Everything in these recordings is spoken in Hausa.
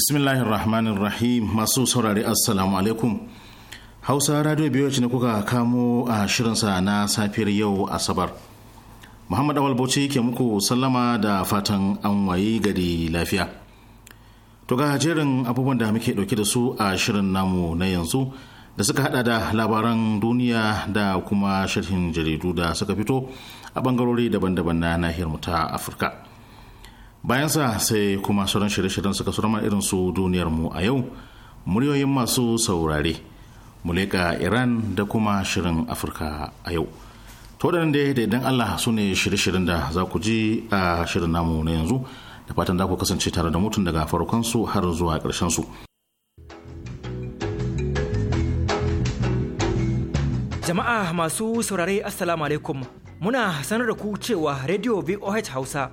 bismillahir rahmanir rahim masu saurari assalamu alaikum hausa radio biyu ne kuka kamo a shirinsa na safiyar yau asabar muhammad awal bauchi ke muku sallama da fatan an wayi gari lafiya to ga jerin abubuwan da muke dauke da su a shirin namu na yanzu da suka hada da labaran duniya da kuma sharhin jaridu da suka fito a bangarori daban-daban na nahiyar mu ta afirka Bayan sa sai kuma sauran shirye-shiryen suka surama irin su duniyar mu a yau muryoyin masu saurare muleka iran da kuma shirin afirka a yau to da da idan allah su ne shirye-shiryen da za ku ji a shirin namu na yanzu da fatan da ku kasance tare da mutum daga farkon su har zuwa ƙarshen su jama'a masu saurare assalamu alaikum muna sanar da ku cewa radio voh hausa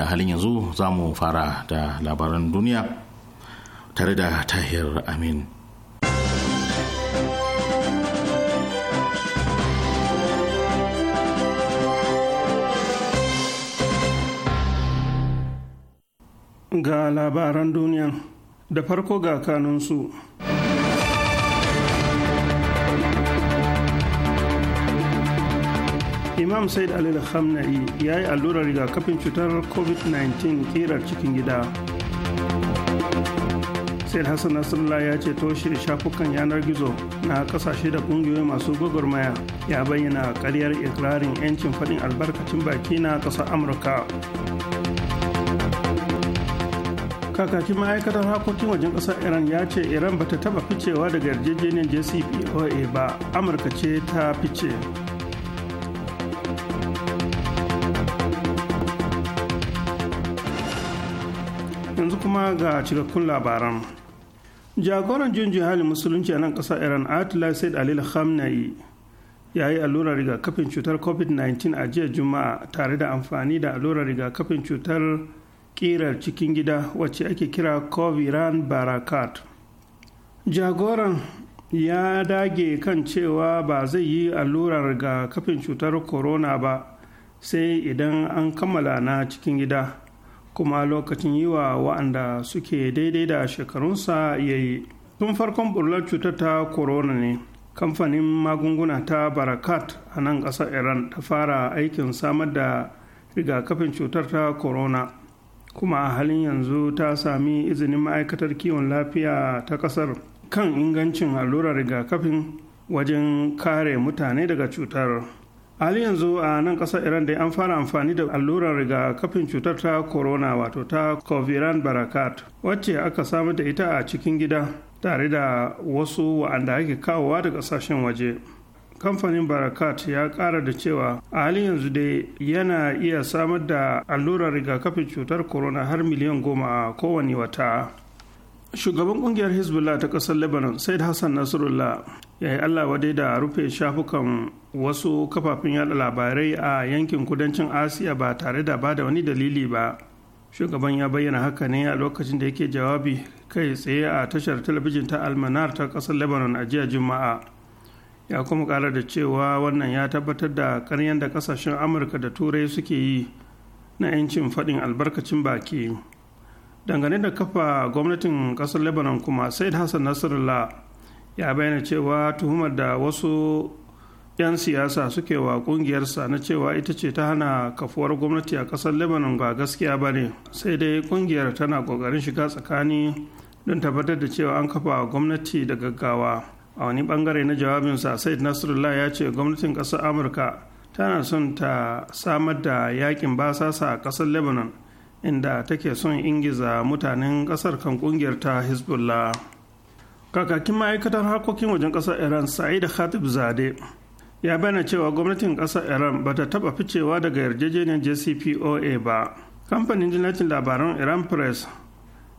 da halin yanzu za mu fara da labaran duniya tare da tahir amin ga labaran duniya da farko ga kanunsu imam said ali da ya yi allurar rigakafin cutar covid-19 kirar cikin gida said hassan nasrallah ya ce toshe shafukan yanar gizo na kasashe da kungiyoyi masu gwagwarmaya ya bayyana karyar ikirarin 'yancin faɗin albarkacin baki na ƙasar amurka kakakin ma'aikatar harkokin wajen ƙasar iran ya ce iran bata taba ficewa daga yarjejeniyar jcpoa ba amurka ce ta fice kuma ga cikakkun labaran jagoran jin halin musulunci a nan ƙasar iran atlas said alil khamnai ya yi allurar rigakafin cutar covid-19 a jiya juma'a tare da amfani da allurar rigakafin cutar kirar cikin gida wacce ake kira coviran barakat jagoran ya dage kan cewa ba zai yi allurar rigakafin cutar corona ba sai idan an kammala na cikin gida kuma lokacin yi wa wa'anda suke daidai da shekarunsa ya yi tun farkon burlar cutar ta corona ne kamfanin magunguna ta barakat a nan ƙasar iran ta fara aikin samar da rigakafin cutar ta corona kuma a halin yanzu ta sami izinin ma'aikatar kiwon lafiya ta ƙasar kan ingancin allurar rigakafin wajen kare mutane daga cutar. hali yanzu a nan kasar iran da an fara amfani da allurar rigakafin cutar ta corona wato ta coviran barakat wacce aka samar da ita a cikin gida tare da wasu wa'anda ake kawowa da kasashen waje kamfanin barakat ya kara da cewa a halin yanzu dai yana iya samar da allurar rigakafin cutar corona har miliyan goma a kowane wata shugaban kungiyar hezbollah ta ƙasar lebanon said hassan nasrullah ya yi allah wadai da rufe shafukan wasu kafafen yada labarai a yankin kudancin asiya ba tare da bada wani dalili ba shugaban ya bayyana haka ne a lokacin da yake jawabi kai tsaye a tashar talabijin ta almanar ta kasar lebanon a jiya juma'a ya kuma kara da cewa wannan ya tabbatar da karyan da kasashen amurka da turai suke yi na 'yancin faɗin albarkacin baki dangane da kafa gwamnatin kasar lebanon kuma said hassan nasrallah ya bayyana cewa tuhumar da wasu 'yan siyasa suke wa kungiyarsa na cewa ita ce ta hana kafuwar gwamnati a kasar lebanon ba gaskiya ba ne sai dai kungiyar tana kokarin shiga tsakani don tabbatar da cewa an kafa gwamnati da gaggawa a wani bangare na jawabinsa said nasrullah ya ce gwamnatin kasar amurka tana son ta samar da yakin basasa a kasar lebanon inda take son ingiza mutanen kasar kan kungiyar ta hezbollah kakakin ma'aikatar harkokin wajen kasar iran sa'id khatib zade ya bayyana cewa gwamnatin ƙasar iran ba ta taɓa ficewa daga yarjejeniyar jcpoa ba kamfanin jinnatin labaran iran press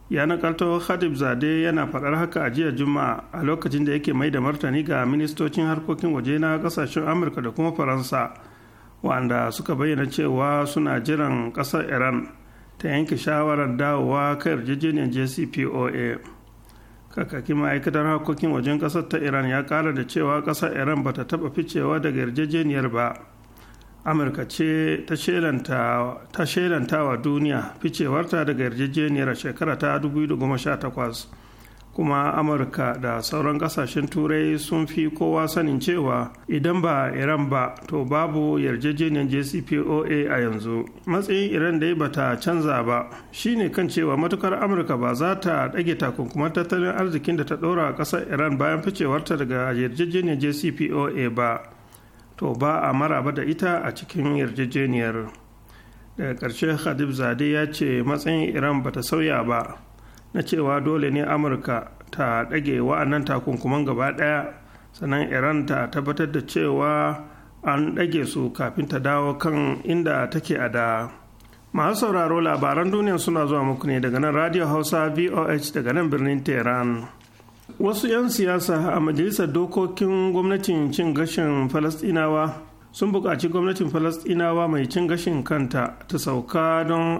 ya nakalto khadib zade yana faɗar haka a jiya juma'a a lokacin da yake mai da martani ga ministocin harkokin waje na ƙasashen amurka da kuma faransa wanda suka bayyana cewa suna jiran ƙasar iran ta yanke shawarar dawowa kan yarjejeniyar jcpoa kakakin ma'aikatar harkokin wajen ƙasar ta iran ya kara da cewa ƙasar iran ba ta taba ficewa daga yarjejeniyar ba amurka ce ta shelanta wa duniya ficewarta daga yarjejeniyar shekara ta 2018 kuma amurka da sauran kasashen turai sun fi kowa sanin cewa idan ba iran ba to babu yarjejeniyar jcpoa a yanzu matsayin iran da bata bata canza ba shine kan cewa matukar amurka ba za ta ɗage takunkumar tattalin arzikin da ta ɗora a ƙasar iran bayan ficewarta daga yarjejeniyar jcpoa ba to ba a maraba da ita a cikin yarjejeniyar daga ƙarshe khadib zade ya ce matsayin iran bata sauya ba na cewa dole ne amurka ta ɗage wa'annan takunkuman gaba ɗaya sannan iran ta tabbatar da cewa an ɗage su kafin ta dawo kan inda take a da masu sauraro labaran duniya suna zuwa muku ne daga nan radio hausa voh daga nan birnin tehran wasu 'yan siyasa a majalisar dokokin gwamnatin cin gashin falastinawa sun buƙaci gwamnatin falastinawa mai cin gashin kanta ta sauka don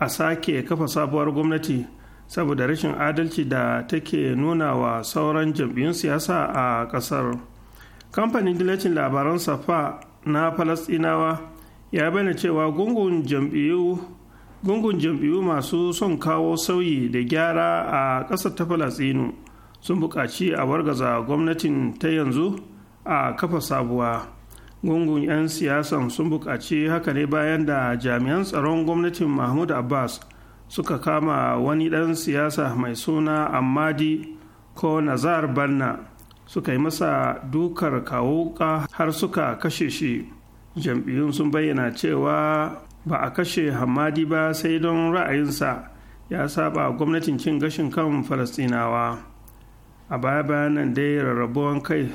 a sake kafa sabuwar gwamnati saboda rashin adalci da take nuna wa sauran jam'iyyun siyasa a ƙasar kamfanin dilacin labaran safa na falastinawa ya bayyana cewa gungun jam'iyyu masu son kawo sauyi da gyara a ƙasar ta falastinu sun buƙaci a wargaza gwamnatin ta yanzu a kafa sabuwa gungun 'yan siyasan sun buƙaci haka ne bayan da jami'an tsaron gwamnatin mahmud abbas suka kama wani ɗan siyasa mai suna Amadi ko Nazar Banna suka yi masa dukar kawuka har suka kashe shi. Jam'iyyun sun bayyana cewa ba a kashe Hamadi ba sai don ra'ayinsa ya saba gwamnatin cin gashin kan Falasɗinawa. A baya bayanan dai rarrabuwan kai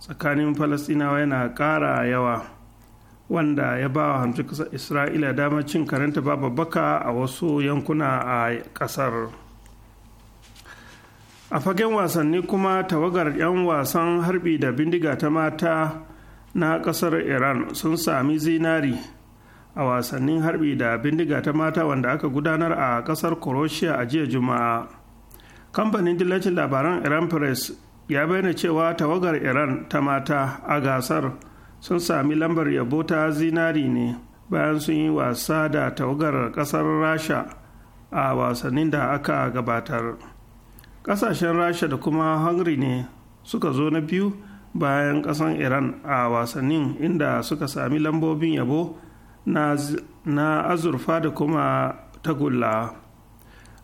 tsakanin Falasɗinawa yana ƙara yawa. wanda ya ba wa hamsin kasar isra'ila damar cin karanta babu baka a wasu yankuna a kasar a fagen wasanni kuma tawagar 'yan wasan harbi da bindiga ta mata na kasar iran sun sami zinari a wasannin harbi da bindiga ta mata wanda aka gudanar a kasar croatia a jiya juma'a kamfanin dillacin labaran iran press ya bayyana cewa tawagar iran ta mata a gasar sun sami lambar yabo ta zinari ne bayan sun yi wasa da tawagar kasar rasha a wasannin da aka gabatar kasashen rasha da kuma hungary ne suka zo na biyu bayan kasan iran a wasannin inda suka sami lambobin yabo na azurfa da kuma tagulla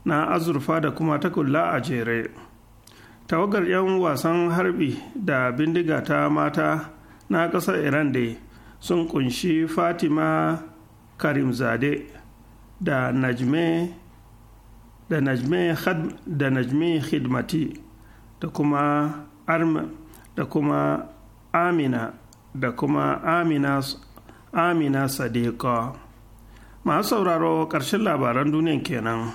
na azurfa da kuma takulla a jere tawagar 'yan wasan harbi da bindiga ta mata na ƙasar iran da sun kunshi fatima karimzade da najme da najme khidmati da kuma arm da kuma amina da kuma amina amina sadiqa masu sauraro ƙarshen labaran duniyan kenan.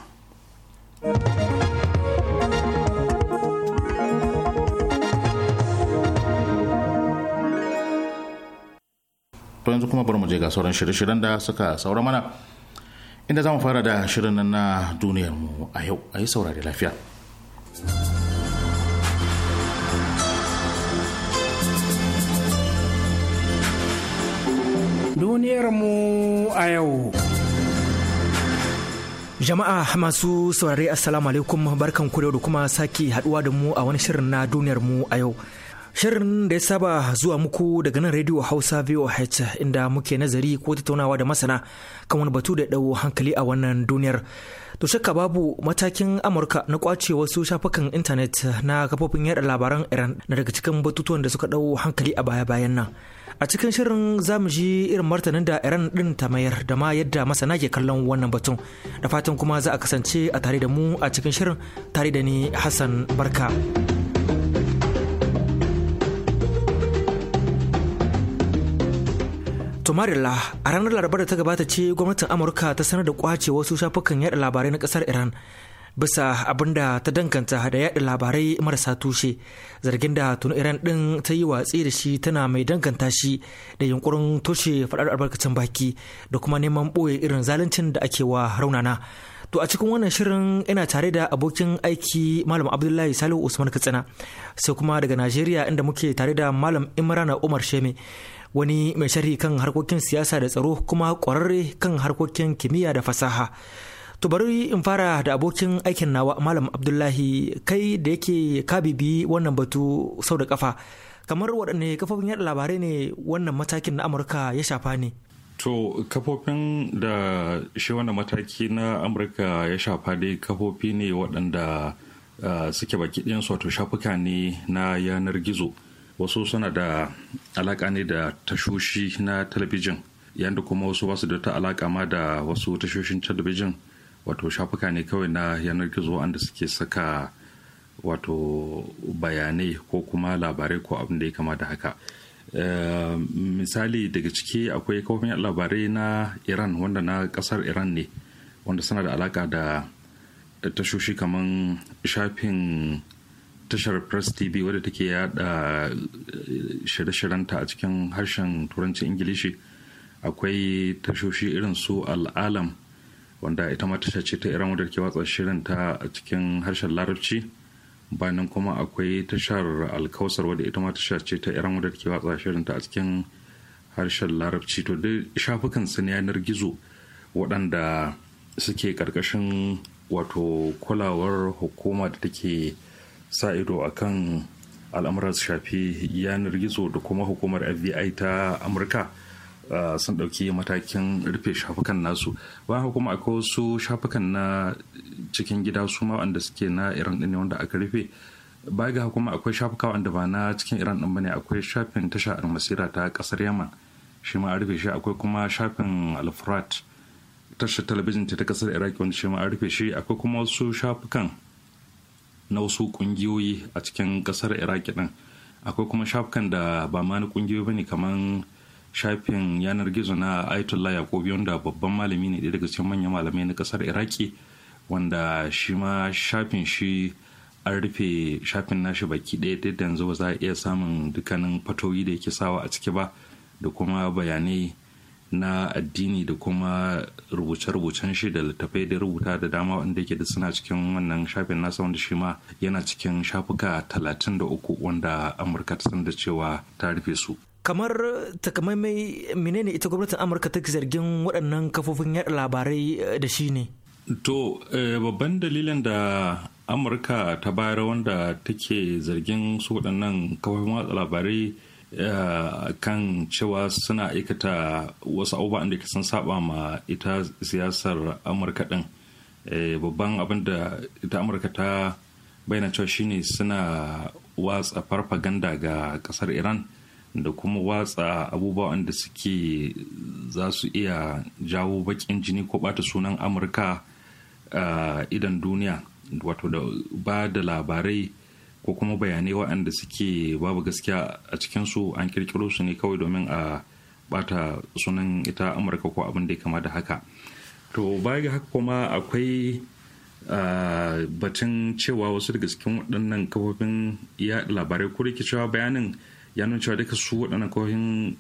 to yanzu kuma bari mu je ga sauran shirye-shiryen da suka saura mana inda za mu fara da shirin nan na duniyar mu a yau a yi saurari lafiya duniyar mu a yau Jama'a masu saurare Assalamu alaikum barkan ku da kuma sake haduwa da mu a wani shirin na duniyar mu a yau. Shirin da ya saba zuwa muku daga nan Radio Hausa VOH inda muke nazari ko tattaunawa da masana kan wani batu da ɗau hankali a wannan duniyar. To shakka babu matakin Amurka na kwace wasu shafukan intanet na kafofin yada labaran Iran na daga cikin batutuwan da suka ɗau hankali a baya-bayan nan. A cikin shirin za mu ji irin martanin da Iran ɗin ta mayar da ma yadda masana ke kallon wannan batun. Da fatan kuma za a kasance a tare da mu a cikin shirin tare da ni Hassan Barka. To a ranar Laraba da ta gabata ce gwamnatin Amurka ta sanar da kwace wasu shafukan yada labarai na kasar Iran bisa abin da ta danganta da yada labarai marasa tushe zargin da tuni Iran din ta yi watsi da shi tana mai danganta shi da yunkurin toshe faɗar albarkacin baki da kuma neman ɓoye irin zaluncin da ake wa raunana. To a cikin wannan shirin ina tare da abokin aiki Malam Abdullahi Salihu Usman Katsina sai kuma daga Najeriya inda muke tare da Malam Imrana Umar Sheme. wani mai sharhi kan harkokin siyasa da tsaro kuma ƙwararre kan harkokin kimiyya da fasaha to bari in fara da abokin aikin nawa malam abdullahi kai da yake kabibi wannan batu sau da kafa kamar waɗanne kafofin yaɗa labarai ne wannan matakin na amurka ya shafa ne To kafofin da shi wannan mataki na Amurka ya shafa dai kafofi ne waɗanda eh, suke baki ɗayan wato shafuka ne na yanar gizo wasu suna da alaƙa ne da tashoshi na talabijin yadda kuma wasu basu da ta alaƙa ma da wasu tashoshin talabijin wato shafuka ne kawai na yanar gizo wanda suke saka wato bayanai ko kuma labarai ko abin da ya kama da haka eh, misali daga ciki akwai kawafin labarai na iran wanda na kasar iran ne wanda suna da alaka da tashoshi kamar shafin tashar press tv wadda take yada eh, shirye-shiryenta a cikin harshen turanci ingilishi akwai tashoshi irin su al'alam wanda ita ma tasha ce ta iran wadda ke watsa shirinta a cikin harshen larabci bayanan kuma akwai tashar alkausar wadda ita ma tasha ce ta iran wadda ke watsa shirinta a cikin harshen larabci to duk shafukan su yanar gizo waɗanda suke ƙarƙashin wato kulawar hukuma da take sa ido a kan al'amuran su shafi yanar gizo da kuma hukumar fbi ta amurka sun ɗauki matakin rufe shafukan nasu bayan kuma akwai wasu shafukan na cikin gida su ma wanda suke na iran ɗin wanda aka rufe baya ga kuma akwai shafuka wanda ba na cikin iran ɗin bane akwai shafin tasha almasira ta kasar yaman shi ma rufe shi akwai kuma shafin alfrat tashar talabijin ta kasar iraki wanda shi ma rufe shi akwai kuma wasu shafukan na wasu kungiyoyi a cikin kasar iraki din akwai kuma shafukan da ba ma na kungiyoyi ne kamar shafin yanar gizo na ayatollah yakubi wanda babban malami ne daga cikin manyan malamai na kasar iraki wanda shi ma shafin shi an rufe shafin nashi baki ɗaya da yanzu ba za a iya samun dukkanin fatoyi da yake sawa a ciki ba da kuma bayanai na addini da kuma rubuce-rubucen shi da littafai da rubuta da dama wanda yake da suna cikin wannan shafin nasa wanda shi ma yana cikin shafuka 33 wanda amurka ta da cewa ta rufe su kamar takamaimai menene ita gwamnatin amurka ta zargin waɗannan kafofin yaɗa labarai eh, da shi ne to eh, babban dalilin da amurka ta bayar wanda take zargin su waɗannan kafofin yada labarai Eh, kan cewa suna aikata wasu abubuwan da ke san saba ma ita siyasar amurka din eh, babban abin da ita amurka ta bayyana cewa shine suna watsa farfaganda ga kasar iran da kuma watsa abubuwan da suke za su iya jawo bakin jini ko bata sunan amurka a eh, idan duniya wato da ba da labarai ko kuma bayanai waɗanda suke babu gaskiya a cikinsu an kirkiro su ne kawai domin a bata sunan ita amurka ko abin da ya kama da haka to baya ga haka kuma akwai batun cewa wasu daga cikin waɗannan kafofin yaɗa labarai ko rikicewa bayanin ya nuna cewa duka su waɗannan kafofin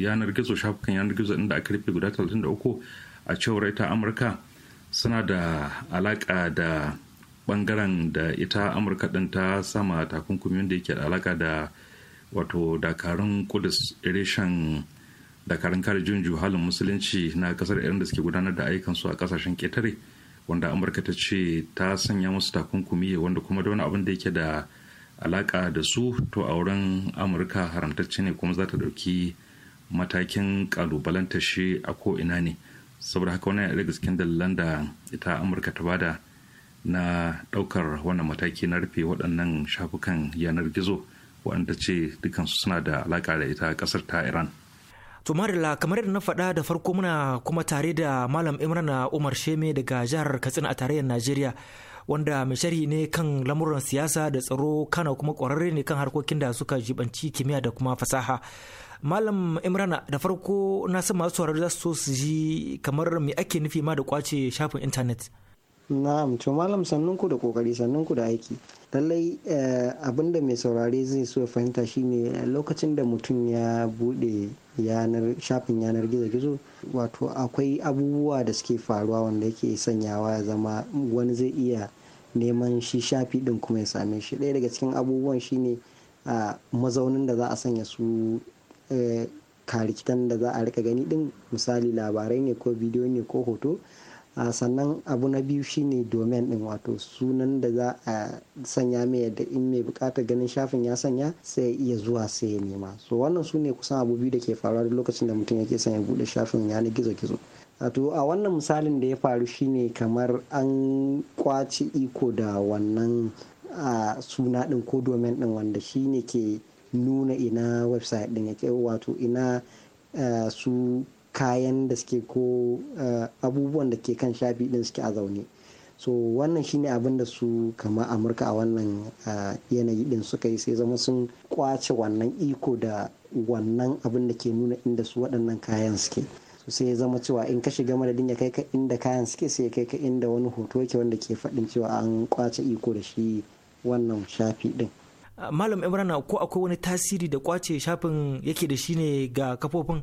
yanar gizo shafukan yanar gizo inda aka rufe guda 33 a cewar ita amurka suna da alaƙa da bangaren da ita amurka din ta sama takunkumin da yake da alaka da wato dakarun kudus reshen dakarun kare junju halin musulunci na kasar irin da suke gudanar da ayyukansu a kasashen ketare wanda amurka ta ce ta sanya musu takunkumi wanda kuma da wani abin da yake da alaka da su to a wurin amurka haramtacce ne kuma za ta ɗauki matakin kalubalanta shi a ko ina ne saboda haka wani daga da ita amurka ta bada na daukar wannan mataki na rufe waɗannan shafukan yanar gizo waɗanda ce dukansu suna da alaƙa da ita ƙasar ta iran to marila kamar yadda na faɗa da farko muna kuma tare da malam imran umar sheme daga jihar katsina a tarayyar najeriya wanda mai sharhi ne kan lamuran siyasa da tsaro kana kuma ƙwararre ne kan harkokin da suka jibanci kimiyya da kuma fasaha malam imrana da farko na san masu tsoron za su so su ji kamar mai ake nufi ma da kwace shafin intanet Na'am, to malam sannun ku da kokari sannun ku da aiki. Lallai eh, abin da mai saurare zai so ya fahimta shine eh, lokacin da mutum ya bude yanar shafin yanar gizo-gizo wato akwai abubuwa da suke faruwa wanda yake sanyawa ya zama wani zai iya neman shi shafi ɗin kuma ya same shi ɗaya daga cikin abubuwan shine a mazaunin da za a sanya su eh, karikitan da za a rika gani ɗin misali labarai ne ko bidiyo ne ko hoto A sannan abu na biyu shine domain din wato sunan da za a sanya mai yadda in mai bukatar ganin shafin ya sanya sai ya iya zuwa sai ya nema so wannan su ne kusan abu biyu da ke faruwa duk lokacin da mutum yake son ya bude shafin yanar gizo gizo wato a wannan misalin da ya faru shine kamar an kwaci iko da wannan suna din ko domain din wanda shine ke nuna ina website din yake wato ina eh, su kayan da suke ko eh, abubuwan da ke kan shafi din suke a zaune so wannan shine abin da su kama amurka a wannan eh, yanayi din suka yi sai zama sun kwace wannan iko da wannan abin da ke nuna inda su waɗannan kayan suke so sai zama cewa in ka shiga madadin ya kai ka inda kayan suke sai ya kai ka inda wani hoto yake wanda ke faɗin cewa an kwace iko da shi wannan shafi din malam imrana ko akwai wani tasiri da kwace shafin yake da shi ne ga kafofin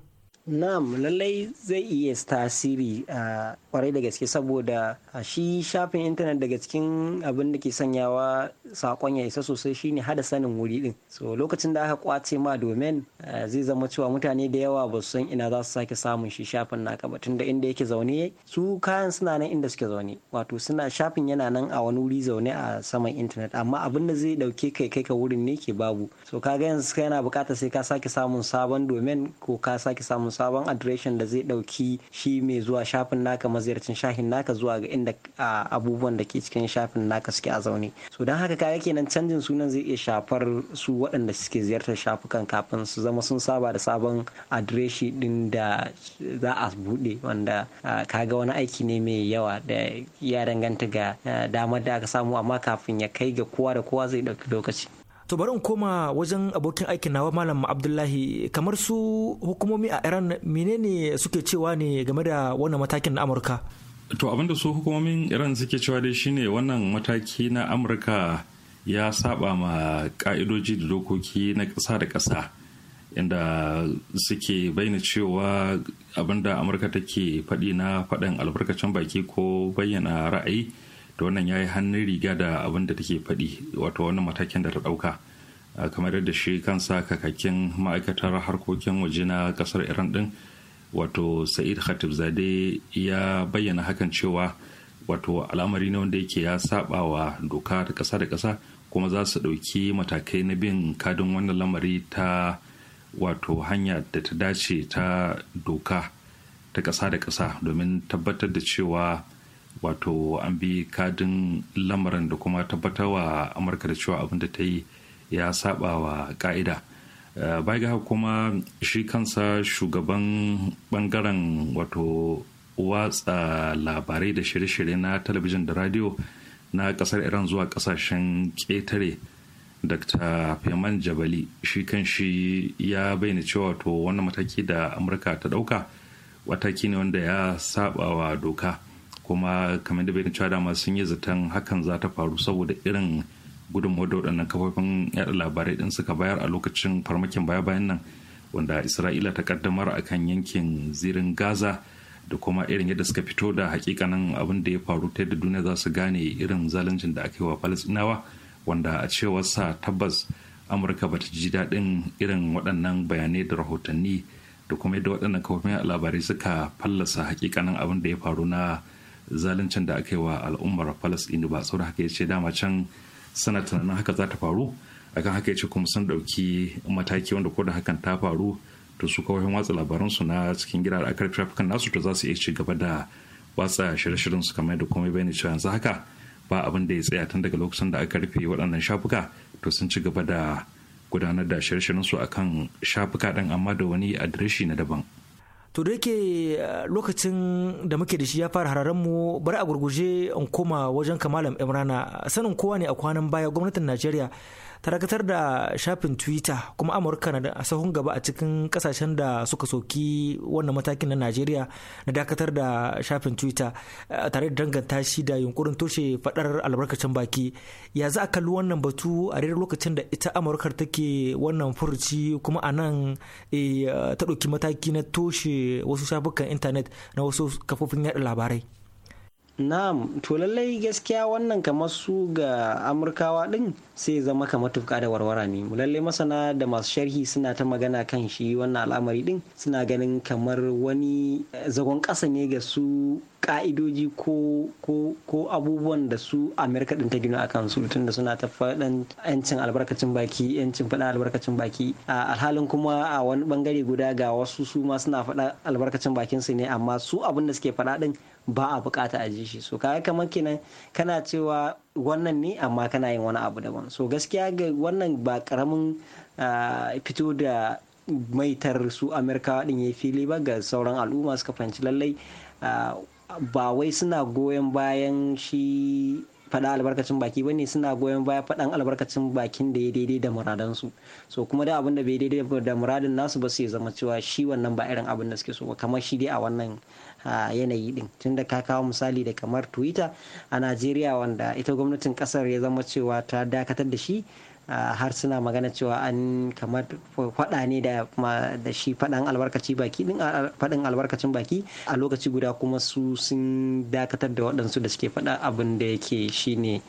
na'am lallai zai iya tasiri a ah, kwarai da gaske saboda shi shafin intanet daga cikin abin da ke sanyawa sakon ya isa sosai shi ne hada sanin wuri din so lokacin da aka kwace ma domin zai zama cewa mutane da yawa ba su san ina za su sake samun shi shafin naka ba tunda inda yake zaune su kayan suna nan inda suke zaune wato suna shafin yana nan a wani wuri zaune a saman intanet amma abin da zai dauke kai kai ka wurin ne ke babu so ka ga yanzu kai yana bukata sai ka sake samun sabon domin ko ka sake samun sabon adireshin da zai dauki shi mai zuwa shafin naka maziyarcin shafin naka zuwa ga inda abubuwan da ke cikin shafin naka suke a zaune so don haka kaya kenan canjin sunan zai iya shafar su waɗanda suke ziyartar shafukan kafin su zama sun saba da sabon adireshi din da za a buɗe wanda kaga wani aiki ne mai yawa da ya danganta ga damar da aka samu amma kafin ya kai ga kowa da kowa zai ɗauki lokaci To bari in koma wajen abokin aikin nawa Malam Abdullahi kamar su hukumomi a Iran menene suke cewa ne game da wannan matakin na Amurka? To abinda su hukumomin Iran suke cewa dai shine wannan mataki na Amurka ya saba ma ka'idoji da dokoki na ƙasa da ƙasa inda suke bayyana cewa abinda Amurka take faɗi na faɗin albarkacin baki ko bayyana ra'ayi da wannan ya yi hannun riga da abin da take faɗi wato wani matakin da ta ɗauka kamar yadda shi kansa kakakin ma'aikatar harkokin waje na ƙasar iran ɗin wato sa'id khatibzade ya bayyana hakan cewa wato al'amari ne wanda yake ya saba wa doka ta ƙasa da ƙasa kuma za su ɗauki matakai na bin kadin wannan lamari ta wato hanya da ta dace ta doka ta ƙasa da ƙasa domin tabbatar da cewa wato an bi kadin lamarin da kuma wa amurka da cewa abin da ta yi ya saba wa ka'ida eh, bai ga kuma shi kansa shugaban bangaren wato watsa labarai da shirye-shirye na talabijin da radio na kasar iran zuwa kasashen ƙetare dr feman jabali shi kan shi ya bayyana cewa wato wannan mataki da amurka ta ɗauka wataki ne wanda ya saba wa doka kuma kamar da bai cewa dama sun yi zaton hakan za ta faru saboda irin gudunmawar da waɗannan kafofin yaɗa labarai ɗin suka bayar a lokacin farmakin baya bayan nan wanda isra'ila ta kaddamar a kan yankin zirin gaza da kuma irin yadda suka fito da hakikanin abin da ya faru ta yadda duniya za su gane irin zaluncin da aka yi wa falastinawa wanda a cewar sa tabbas amurka ba ta ji daɗin irin waɗannan bayanai da rahotanni da kuma yadda waɗannan kafofin labarai suka fallasa hakikanin abin da ya faru na zaluncin da aka yi wa al'ummar palestine ba saboda haka ya ce dama can sana tunanin haka za ta faru akan haka ya ce kuma sun ɗauki mataki wanda ko da hakan ta faru to su kawai watsa labaransu na cikin gida da akar trafikan nasu to za su iya ci gaba da watsa shirye-shiryen su kamar da komai bayani cewa yanzu haka ba abin da ya tsaya tun daga lokacin da aka rufe waɗannan shafuka to sun ci gaba da gudanar da shirye-shiryen su akan shafuka ɗin amma da wani adireshi na daban. to da yake eh, lokacin da muke da shi ya fara hararen mu bari a gurguje in koma wajen kamalam imrana sanin kowa ne a kwanan baya gwamnatin najeriya ta dakatar da shafin twitter kuma amurka na a sahun gaba a cikin kasashen da suka soki wannan matakin na najeriya na dakatar da shafin twitter eh, tare da danganta shi da yunkurin toshe fadar albarkacin baki ya za a kalli wannan batu a daidai lokacin da ita amurka take wannan furuci kuma a nan eh, ta ɗauki mataki na toshe wasu shafukan intanet na wasu kafofin yada labarai Na'am, to lallai gaskiya wannan kamar su ga Amurkawa ɗin sai zama kamar tufka da warwara ne. Lallai masana da masu sharhi suna ta magana kan shi wannan al'amari ɗin suna ganin kamar wani eh, zagon ƙasa ne ga su ka'idoji ko, ko, ko abubuwan da su Amerika din ta gina a su tun da suna ta faɗan 'yancin albarkacin baki 'yancin faɗan albarkacin baki a alhalin kuma a wani bangare guda ga wasu su ma suna faɗa albarkacin bakinsu ne amma su abin da suke faɗa din ba a bukata a ji shi so kaga kamar kenan kana cewa wannan ne amma kana yin wani abu daban so gaskiya ga wannan ba karamin fito da maitar su Amurka din ya fili ba ga sauran al'umma suka fahimci lallai ba wai suna goyon bayan shi faɗa albarkacin baki bane suna goyon baya faɗan albarkacin bakin da ya daidai da muradansu so kuma da abin da bai daidai da muradin nasu ba sai zama cewa shi wannan ba irin abin da suke so ba kamar shi dai a wannan yanayi din tunda ka kawo misali da kamar twitter a najeriya wanda ita gwamnatin kasar ya zama cewa ta dakatar da shi har suna magana cewa an kamar faɗa ne da da shi faɗan albarkaci baki din faɗin albarkacin baki a lokaci guda kuma su sun dakatar da waɗansu da suke faɗa abin da yake shine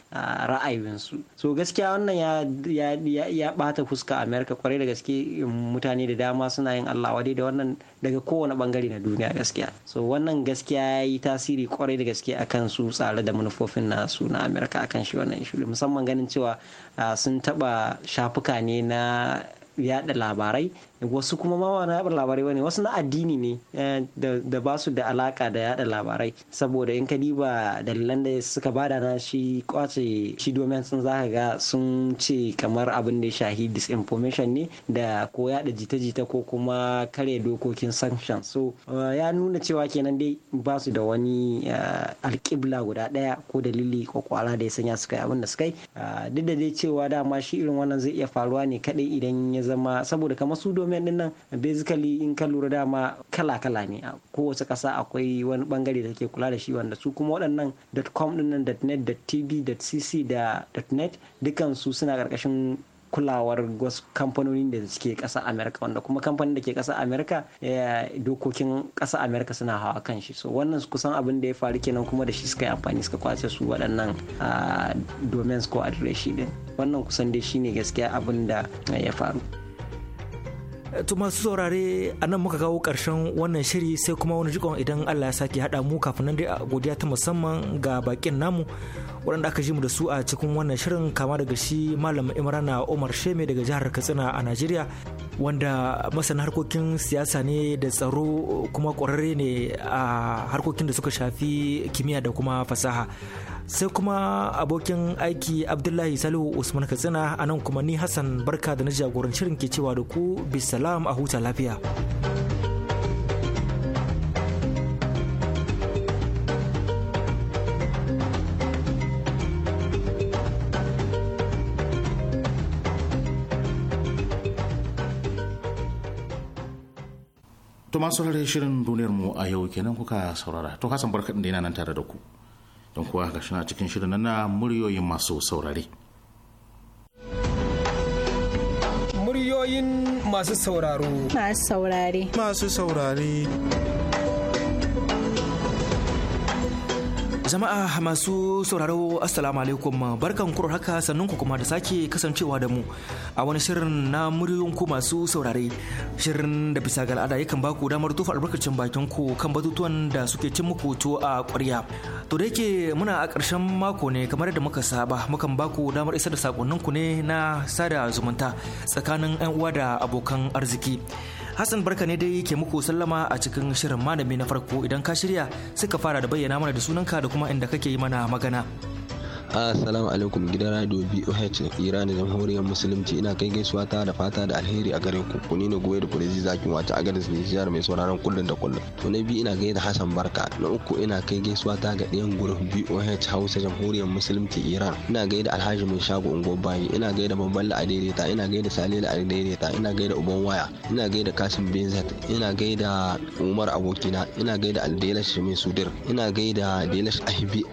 su so gaskiya wannan ya ya bata fuska america kwarai da gaske mutane da dama suna yin allah wadai da wannan daga kowane bangare na duniya gaskiya so wannan gaskiya yayi tasiri kwarai da gaske akan su tsare da manufofin nasu na america akan shi wannan musamman ganin cewa Ah, sun taɓa shafuka ne na yada labarai wasu kuma ma na yaɗa labarai bane wasu na addini ne eh, da ba su da alaka da yaɗa labarai saboda in ka diba dalilan da suka bada na shi kwace shi domin sun zaka ga sun ce kamar abin da ya shahi disinformation ne da ko yaɗa jita-jita ko kuma karya dokokin sanction so eh, ya nuna cewa kenan dai ba su da wani eh, alƙibla guda ɗaya ko dalili kwakwala da ya sanya suka yi abin da suka yi duk da dai cewa dama shi irin wannan zai iya faruwa ne kaɗai idan ya zama saboda kamar su domin government din nan basically in ka lura dama kala-kala ne a kowace kasa akwai wani bangare da ke kula da shi wanda su kuma waɗannan .com din nan .net .tv .cc da .net dukan su suna ƙarƙashin kulawar wasu kamfanonin da suke ƙasa amerika wanda kuma kamfanin da ke ƙasa amerika eh, dokokin ƙasa amerika suna hawa kan shi so wannan kusan abin da ya faru kenan kuma da shi suka yi amfani suka kwace su waɗannan ah, domains ko adireshi din wannan kusan dai shine gaskiya abin da ya faru To masu saurare a nan muka kawo ƙarshen wannan shiri sai kuma wani jikon idan Allah ya sake haɗa mu kafin nan dai a godiya ta musamman ga bakin namu waɗanda aka ji mu da su a cikin wannan shirin kama daga shi Malam Imrana Umar Sheme daga jihar Katsina a Najeriya wanda masana harkokin siyasa ne da tsaro kuma ƙwararre ne a harkokin da suka shafi kimiyya da kuma fasaha. sai kuma abokin aiki abdullahi salihu usman katsina a nan kuma ni hassan barka da na jagoran shirin ke cewa da ku bisalam a huta lafiya To masu shirin duniyarmu a yau kenan kuka saurara. To Hassan barkadin da yana nan tare da ku. don kuwa ga na cikin shirin na muryoyin masu saurare. Muryoyin masu sauraro. Masu saurare. Masu saurare. Jama'a masu sauraro Assalamu alaikum barkan kuro haka sannan ku kuma da sake kasancewa da mu a wani shirin na muryoyin ku masu saurare shirin da bisa ga al'ada yakan baku damar tufa albarkacin bakin ku kan batutuwan da suke cin muku to a ƙwarya. To da yake muna a ƙarshen mako ne kamar yadda muka saba mukan baku damar isar da sakonnin ne na sada zumunta tsakanin 'yan uwa da abokan arziki. Hassan barka ne dai ke muku sallama a cikin shirin malami na farko idan ka shirya suka fara da bayyana mana da sunanka da kuma inda kake yi mana magana. Assalamu alaikum gidan radio BOH na Iran da Jamhuriyar Musulunci ina kai gaisuwa ta da fata da alheri a gare ku kuni ne goye da kurezi zakin wata a garin Nijar mai sauraron kullun da kullun to na biyu ina gaida Hassan Barka na uku ina kai gaisuwa ta ga ɗayan gurin BOH Hausa Jamhuriyar Musulunci Iran ina gaida Alhaji mai shago ungo bayi ina gaida Baballa a daidaita ina gaida Salila a daidaita ina gaida Uban waya ina gaida Kasim Benzat ina gaida Umar abokina ina gaida Aldelash mai sudir ina gaida Delash IBI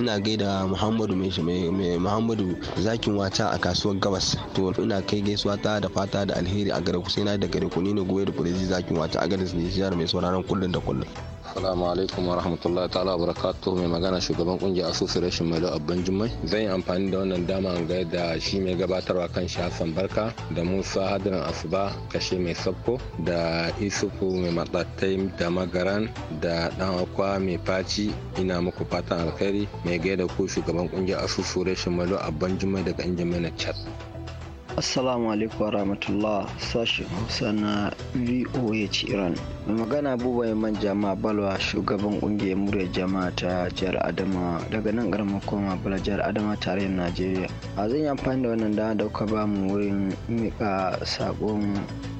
ina gaida Muhammad muhammadu mai shi mai muhammadu zakin wata a kasuwar gabas to ina kai gaisuwa ta da fata da alheri a gare ku sai na da gare ku ne goye da kudi zakin wata a garin Nijar mai sauraron kullun da kullun. Assalamu alaikum wa rahmatullahi ta'ala wa barakatuhu mai magana shugaban kungiyar association mai abban jummai zan yi amfani da wannan dama in gaya da shi mai gabatarwa kan shi Barka da Musa Hadirin Asuba kashe mai sabko da Isufu mai matsatai da magaran da dan akwa mai faci ina muku fatan alkhairi mai gaida ku shugaban kungiyar association mai abban jummai daga injin mai na chat. Assalamu alaikum warahmatullah sashen Hausa na VOA Iran. Ma magana buba man jama'a balwa shugaban ƙungiyar murya jama'a ta jihar Adama daga nan ƙaramar koma bala jihar Adama tarayyar Najeriya. A zan yi amfani da wannan dama da kuka ba mu wurin mika saƙon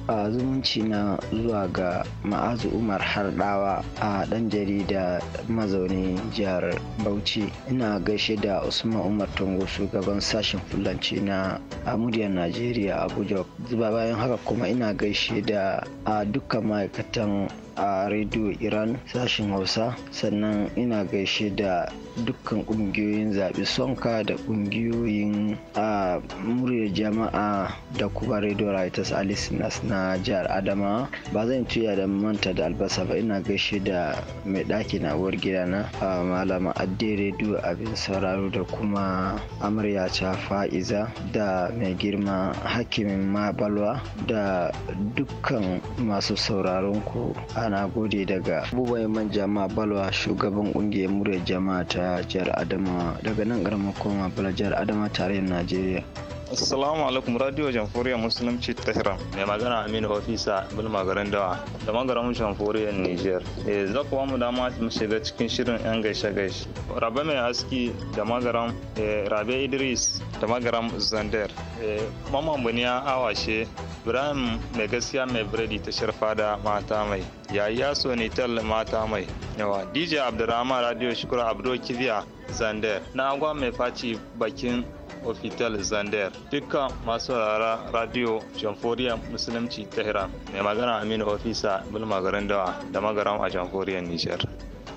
a zumunci na zuwa ga ma'azu Umar Harɗawa a ɗan jarida mazaunin jihar Bauchi. Ina gaishe da Usman Umar Tango shugaban sashen Fulanci na Amuriyar Najeriya Abuja. Zuba bayan haka kuma ina gaishe da a dukkan ma'aikatan a rediyo iran sashen hausa sannan ina gaishe da dukkan kungiyoyin zaɓi sonka da kungiyoyin a muryar jama'a da kuma radio writers alice na jihar adama ba zan tuya da manta da albasa ba ina gaishe da mai ɗaki na uwar na a malama adde rediyo abin sauraro da kuma amarya ta fa'iza da mai girma hakimin mabalwa da dukkan masu sauraron ku ana gode daga abubuwan man jama'a balwa shugaban kungiyar muryar jama'a ta jihar adama daga nan karamar koma bala jihar adama tarayyar najeriya Assalamu alaikum Radio Jamhuriyar Musulunci Tehran. Mai magana Aminu Ofisa Bulma garin Dawa da magaran Jamhuriyar Niger. Eh za ku mu dama mu shiga cikin shirin yan gaishe gaishe. Rabe mai aski da magaran eh, Rabe Idris da magaran Zander. Eh, Maman Buniya Awashe Ibrahim mai gaskiya mai biredi ta sharfa da mata mai. Yaya Sonitel mata mai. Yawa DJ Abdurrahman Radio Shukura Abdul Kibiya Zander. Na agwa mai faci bakin ofital zander dukkan masu rara radio jamforiyar musulunci tehran mai magana aminu ofisa bulma garin dawa da magaram a jamhuriyar nijar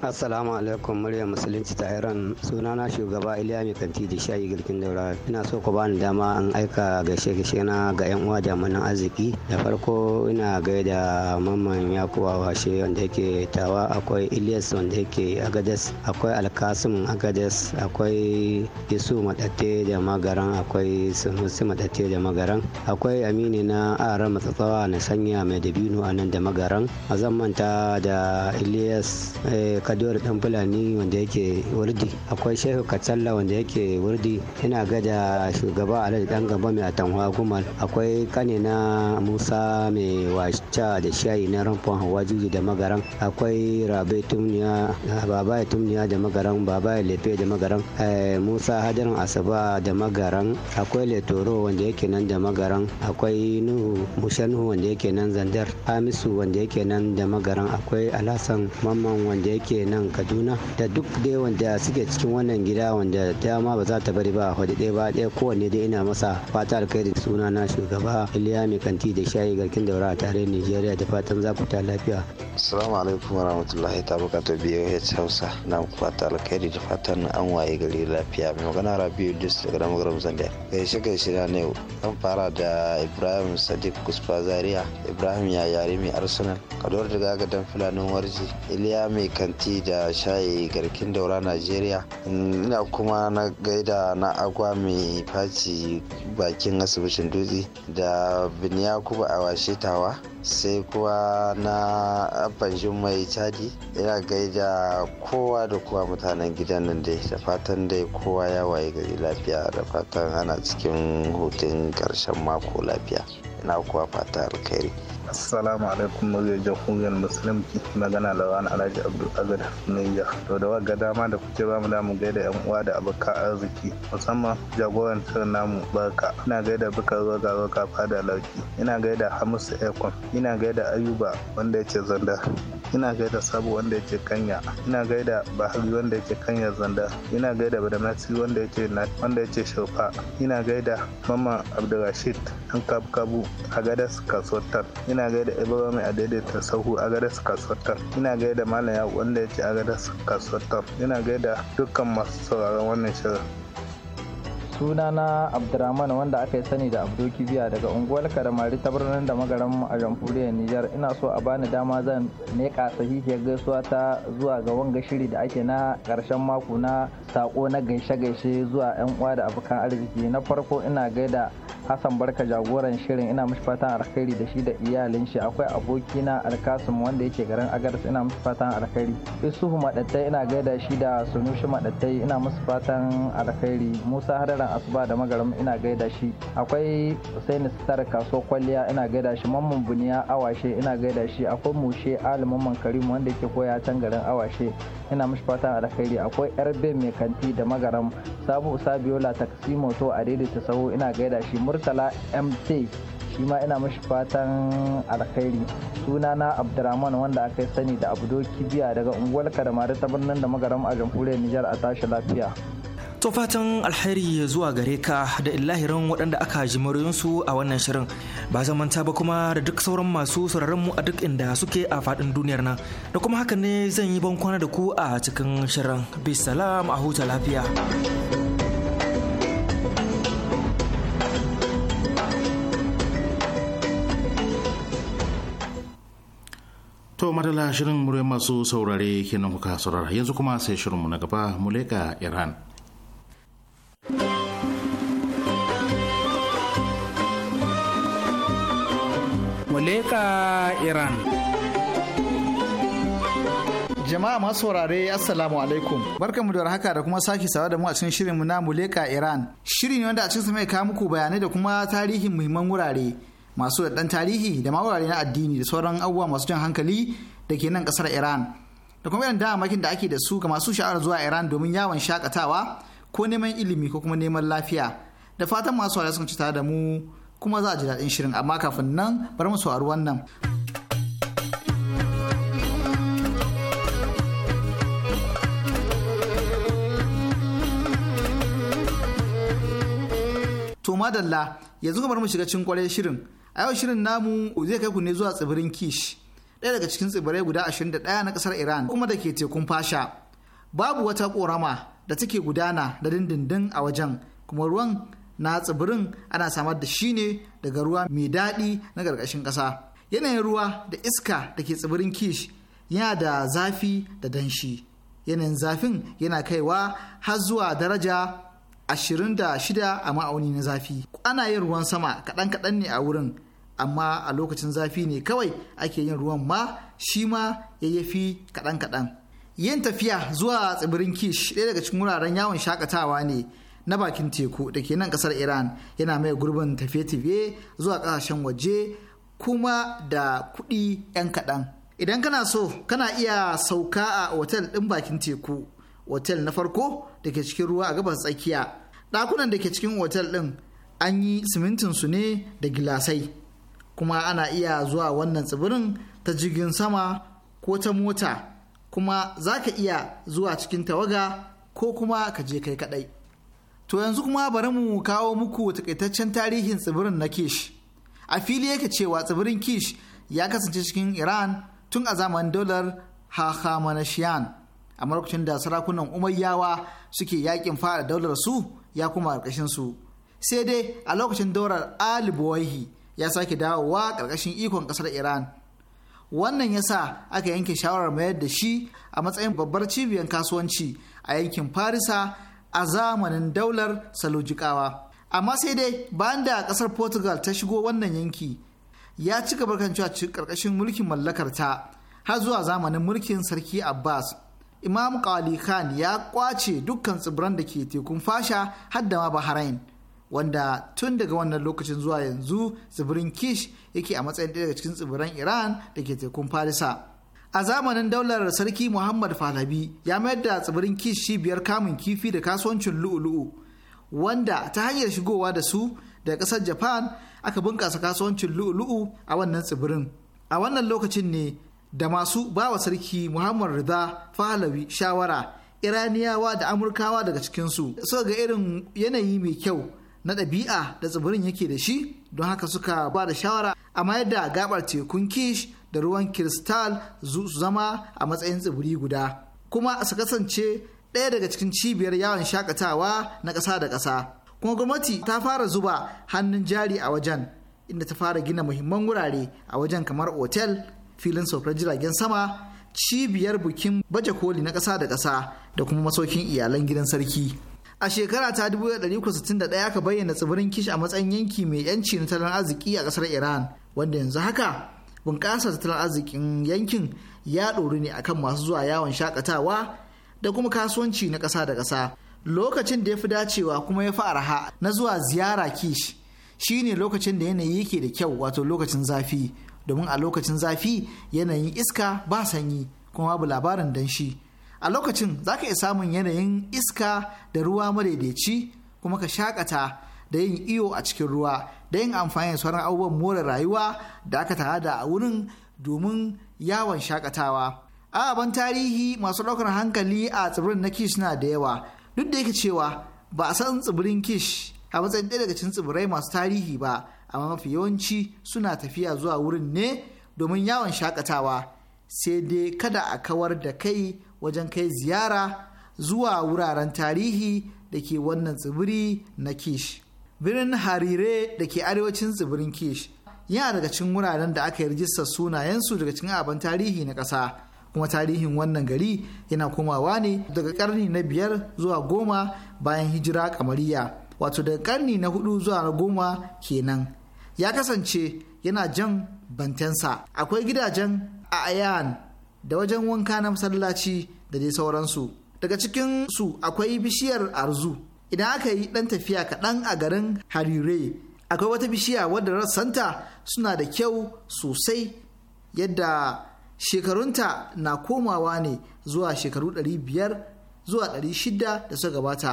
assalamu alaikum murya musulunci ta iran sunana shugaba iliya mai kanti da shayi girkin daura ina so ku bani dama an aika gaishe gaishe na ga yan uwa jami'an arziki da farko ina gaida mamman yakuwa washe wanda yake tawa akwai ilyas wanda yake agades akwai alkasim agades akwai isu madatte da magaran akwai sunusi madatte da magaran akwai amini na ara matsatsawa na sanya mai dabino a nan da magaran a zan manta da ilyas eh, kaduwar dan fulani wanda yake wurdi akwai shehu katsalla wanda yake wurdi ina gada shugaba alhaji dan gaba mai atanwa gumal akwai kane na musa mai wacca da shayi na rumfon hawa juji da magaran akwai rabe tumniya babaye tumniya da magaran babaye lefe da magaran eh, musa hadarin asaba da magaran akwai letoro wanda yake nan da magaran akwai nuhu mushanuhu wanda yake nan zandar hamisu wanda yake nan da magaran akwai alhassan mamman wanda yake suke nan kaduna da duk dai wanda suke cikin wannan gida wanda dama ba za ta bari ba wadda ɗaya ba ɗaya kowanne dai ina masa fata alkhairi suna na shugaba iliya mai kanti da shayi garkin daura a tarayyar nigeria da fatan za ku ta lafiya assalamu alaikum rahmatullahi ta bukata boh hausa na fata alkhairi da fatan an waye gari lafiya mai magana rabiu dis daga damagaram zambia gaishe gaishe na ne an fara da ibrahim sadiq kusfa zaria ibrahim ya yare mai arsenal kadawar da gagadan filanin warji iliya mai kanti kanti da shayi garkin daura najeriya ina kuma na gaida na agwa mai faci bakin asibitin dutse da biniya kuba a washe tawa sai kuwa na banjin mai cadi ina gaida kowa da kowa mutanen gidan nan dai da fatan dai kowa ya waye gari lafiya da fatan ana cikin hutun karshen mako lafiya ina kuwa fata alkhairi assalamu alaikum muryar jamhuriyar musulunci magana da wani alhaji abdul azad nija to da waga dama da kuke mu da mu gaida yan uwa da abokan arziki musamman jagoran shirin namu barka ina gaida bukar roga roga fada lauki ina gaida hamisu ekon ina gaida ayuba wanda yake zanda ina gaida sabu wanda yake kanya ina gaida bahari wanda yake kanya zanda ina gaida badamasi wanda yake wanda yake shofa ina gaida mama abdulrashid an kabu kabu a gadas kasuwar ina ina gaida ibrahim a ta sahu a su kasuwar ina gaida malam yaƙu wanda ya ce a su kasuwar ina gaida dukkan masu sauraron wannan shirin suna na abdurrahman wanda aka yi sani da abdo kibiya daga unguwar karamari ta birnin da magaran mu a jamhuriyar nijar ina so a bani dama zan neka sahihiyar gaisuwa ta zuwa ga wanga shiri da ake na karshen mako na sako na gaishe-gaishe zuwa yan uwa da abokan arziki na farko ina gaida Hassan Barka jagoran shirin ina mishi fatan alkhairi da shi da iyalin shi akwai abokina alkasim wanda yake garin Agadas ina mishi fatan alkhairi. Isuhu Madattai ina gaida shi da Sunushi Madattai ina musu fatan alkhairi. Musa hararan Asuba da Magaram ina gaida shi. Akwai Usaini Sitar Kaso Kwalliya ina gaida shi. Mamman Buniya Awashe ina gaida shi. Akwai Mushe Ali Mamman Karim wanda yake koya can garin Awashe ina mishi fatan alkhairi. Akwai Erbe Mai Kanti da Magaram. Sabu Usabiola Taksimoto a daidaita sahu ina gaida shi. murtala mt shi ma ina mashi fatan alkhairi suna na abdurrahman wanda aka sani da abudoki biya daga unguwar kadamari ta birnin da magaram a jamhuriyar nijar a tashi lafiya To fatan alheri zuwa gare ka da illahirin waɗanda aka ji su a wannan shirin ba manta ba kuma da duk sauran masu sauraron mu a duk inda suke a faɗin duniyar nan da kuma haka ne zan yi bankwana da ku a cikin shirin bisalam a huta lafiya. To matala shirin murai masu saurare kenan kuka saurara yanzu kuma sai shirinmu na gaba mu leka Iran. Muleka Iran Jama'a masu saurare Assalamu alaikum. Barkanmu da haka da kuma sake sawa da mu a cikin shirinmu na Muleka Iran. Shiri ne wanda a cikin mai kawo muku bayanai da kuma tarihin muhimman wurare. masu da tarihi da ma wurare na addini da sauran abubuwa masu jan hankali da ke nan kasar iran da kuma irin damamakin da ake da su ga masu sha'awar zuwa iran domin yawon shakatawa ko neman ilimi ko kuma neman lafiya da fatan masu wari sun ci da mu kuma za a ji daɗin shirin amma kafin nan bari mu saurari wannan. To madalla yanzu kamar mu shiga cin kwarai shirin a yau shirin namu zai kai ku ne zuwa tsibirin kish ɗaya daga cikin tsibirai guda 21 na ƙasar iran kuma da ke tekun fasha babu wata ƙorama da take gudana da dindindin a wajen kuma ruwan na tsibirin ana samar da shi ne daga ruwa mai daɗi na ƙarƙashin ƙasa yanayin ruwa da iska da ke tsibirin kish yana da zafi da danshi yanayin zafin yana kaiwa har zuwa daraja ashirin da shida a ma'auni na zafi ana yin ruwan sama kaɗan-kaɗan ne a wurin amma a lokacin zafi ne kawai ake yin ruwan ma shi ma yayyafi kaɗan-kaɗan. Yin tafiya zuwa tsibirin Kish ɗaya daga cikin wuraren yawon shakatawa ne na bakin teku da ke nan ƙasar Iran yana mai gurbin tafiye-tafiye zuwa ƙasashen waje kuma da kuɗi 'yan kaɗan. Idan kana so kana iya sauka a otel ɗin bakin teku, otel na farko da ke cikin ruwa a gabas tsakiya. Ɗakunan da ke cikin otel ɗin an yi simintinsu ne da gilasai. kuma ana iya zuwa wannan tsibirin ta jirgin sama ko ta mota kuma za ka iya zuwa cikin tawaga ko kuma ka je kai kadai to yanzu kuma bari mu kawo muku takaitaccen tarihin tsibirin na kish a fili yake cewa tsibirin kish ya kasance cikin iran tun a zamanin dolar hahamanashiyan a lokacin da sarakunan umayyawa suke yakin fara daular su ya kuma ƙarƙashin su sai dai a lokacin daular alibuwaihi ya sake dawowa ƙarƙashin ikon ƙasar iran wannan ya sa aka yanke shawarar mayar da shi a matsayin babbar cibiyar kasuwanci a yankin farisa a zamanin daular salujikawa amma sai dai bayan da ƙasar portugal ta shigo wannan yanki ya ci gaba cewa ƙarƙashin mulkin mallakarta har zuwa zamanin mulkin sarki abbas imam kali khan ya kwace dukkan tsibiran da ke tekun fasha har da ma bahrain wanda tun daga wannan lokacin zuwa yanzu tsibirin kish yake a matsayin ɗaya daga cikin tsibiran iran da ke tekun farisa a zamanin daular sarki muhammad falabi ya mayar da tsibirin kish cibiyar kamun kifi da kasuwancin lu'ulu'u wanda ta hanyar shigowa da su da ƙasar japan aka bunƙasa kasuwancin lu'ulu'u a wannan tsibirin a wannan lokacin ne da masu bawa sarki muhammad rida falabi shawara iraniyawa da amurkawa daga cikinsu suka ga irin yanayi mai kyau na ɗabi'a da tsibirin yake da shi don haka suka ba da shawara a mayar da gabar tekun kish da ruwan kiristal su zama a matsayin tsibiri guda kuma su kasance ɗaya daga cikin cibiyar yawon shakatawa na ƙasa da ƙasa kuma gwamnati ta fara zuba hannun jari a wajen inda ta fara gina muhimman wurare a wajen kamar otel filin saukar jiragen sama cibiyar bukin baje koli na ƙasa da ƙasa da kuma masaukin iyalan gidan sarki. a shekara ta 1961 aka bayyana tsibirin kish a matsayin yanki mai yanci na tattalin arziki a kasar iran wanda yanzu haka bunƙasar tattalin arzikin yankin ya ɗori ne akan masu zuwa yawon shakatawa da kuma kasuwanci na ƙasa da ƙasa lokacin da ya fi dacewa kuma ya fi arha na zuwa ziyara kish shine lokacin da yanayi yake da kyau wato lokacin zafi domin a lokacin zafi yanayin iska ba sanyi kuma babu labarin danshi a lokacin za ka iya samun yanayin iska da ruwa madaidaici kuma ka shakata da yin iyo a cikin ruwa da yin amfani da sauran abubuwan more rayuwa da aka da a wurin domin yawon shakatawa ababen tarihi masu ɗaukar hankali a tsibirin na kish na da yawa duk da yake cewa ba a san tsibirin kish a matsayin ɗaya daga cikin tsibirai masu tarihi ba amma mafi yawanci suna tafiya zuwa wurin ne domin yawon shakatawa sai dai kada a kawar da kai wajen kai ziyara zuwa wuraren tarihi da ke wannan tsibiri na kish birnin harire da ke arewacin tsibirin kish yana daga cikin wuraren da aka yi rijistar sunayensu daga cikin abin tarihi na ƙasa kuma tarihin wannan gari yana komawa ne daga ƙarni na biyar zuwa goma bayan hijira kamariya wato daga ƙarni na hudu zuwa na goma kenan ya kasance yana jan bantensa akwai gidajen a ayan da wajen wanka na masallaci da dai sauransu daga cikin su akwai bishiyar arzu idan aka yi dan tafiya kaɗan a garin harire akwai wata bishiya wadda rassanta suna da kyau sosai yadda shekarunta na komawa ne zuwa shekaru 500 zuwa 600 da suka gabata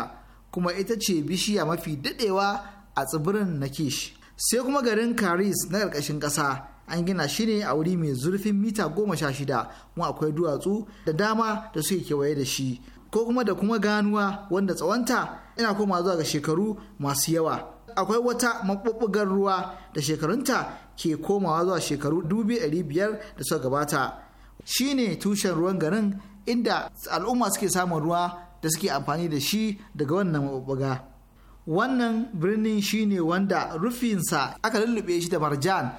kuma ita ce bishiya mafi daɗewa a tsibirin na kish sai kuma garin karis na ƙarƙashin ƙasa an gina shi ne a wuri mai zurfin mita goma sha shida kuma akwai duwatsu da dama da suke kewaye da shi ko kuma da kuma ganuwa wanda tsawonta yana koma zuwa ga shekaru masu yawa akwai wata maɓuɓɓugar ruwa da shekarunta ke komawa zuwa shekaru dubi ɗari biyar da suka gabata shi ne tushen ruwan garin inda al'umma suke samun ruwa da suke amfani da shi daga wannan maɓuɓɓuga wannan birnin shi ne wanda rufinsa aka lullube shi da marjan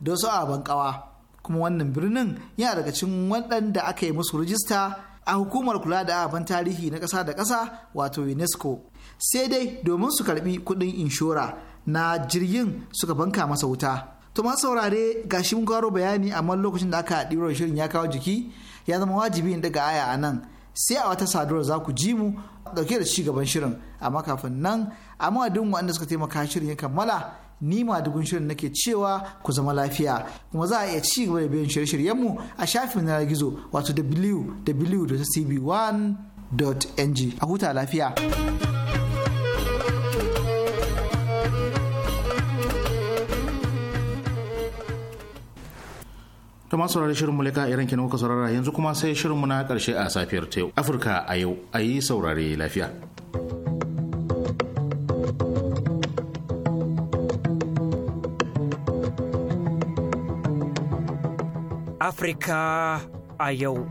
da wasu aban kawa kuma wannan birnin yana daga cikin waɗanda aka yi musu rijista a hukumar kula da ababen tarihi na ƙasa da ƙasa wato unesco sai dai domin su karbi kuɗin inshora na jirgin suka banka masa wuta to ma saurare shi mun bayani amma lokacin da aka ɗiro shirin ya kawo jiki ya zama wajibi in daga aya a nan sai a wata saduwar za ku ji mu dauke da ci gaban shirin amma kafin nan a madadin waɗanda suka taimaka shirin ya kammala ni ma dugun shirin nake cewa ku zama lafiya kuma za a iya ci gaba da biyan shirye shiryen mu a shafin na gizo wato www.cb1.ng a huta lafiya. To masu saurari shirin mu leka irin kenan kuka saurara yanzu kuma sai shirin mu na karshe a safiyar ta yau. Afirka a yau a yi saurare lafiya. Afirka a yau.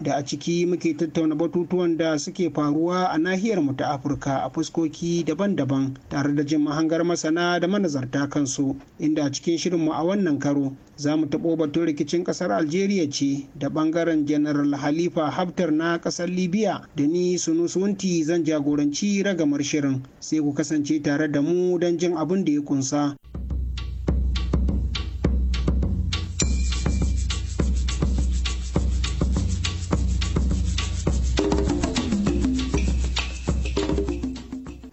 da a ciki muke tattauna batutuwan da suke faruwa a nahiyar mu ta afirka a fuskoki daban-daban tare da jin mahangar masana da manazarta kansu inda a cikin shirinmu a wannan karo za mu taɓo batun rikicin ƙasar algeria ce da ɓangaren general halifa haftar na ƙasar libya da ni sunusunti zan jagoranci ragamar shirin sai ku kasance tare da mu don jin abin da ya kunsa.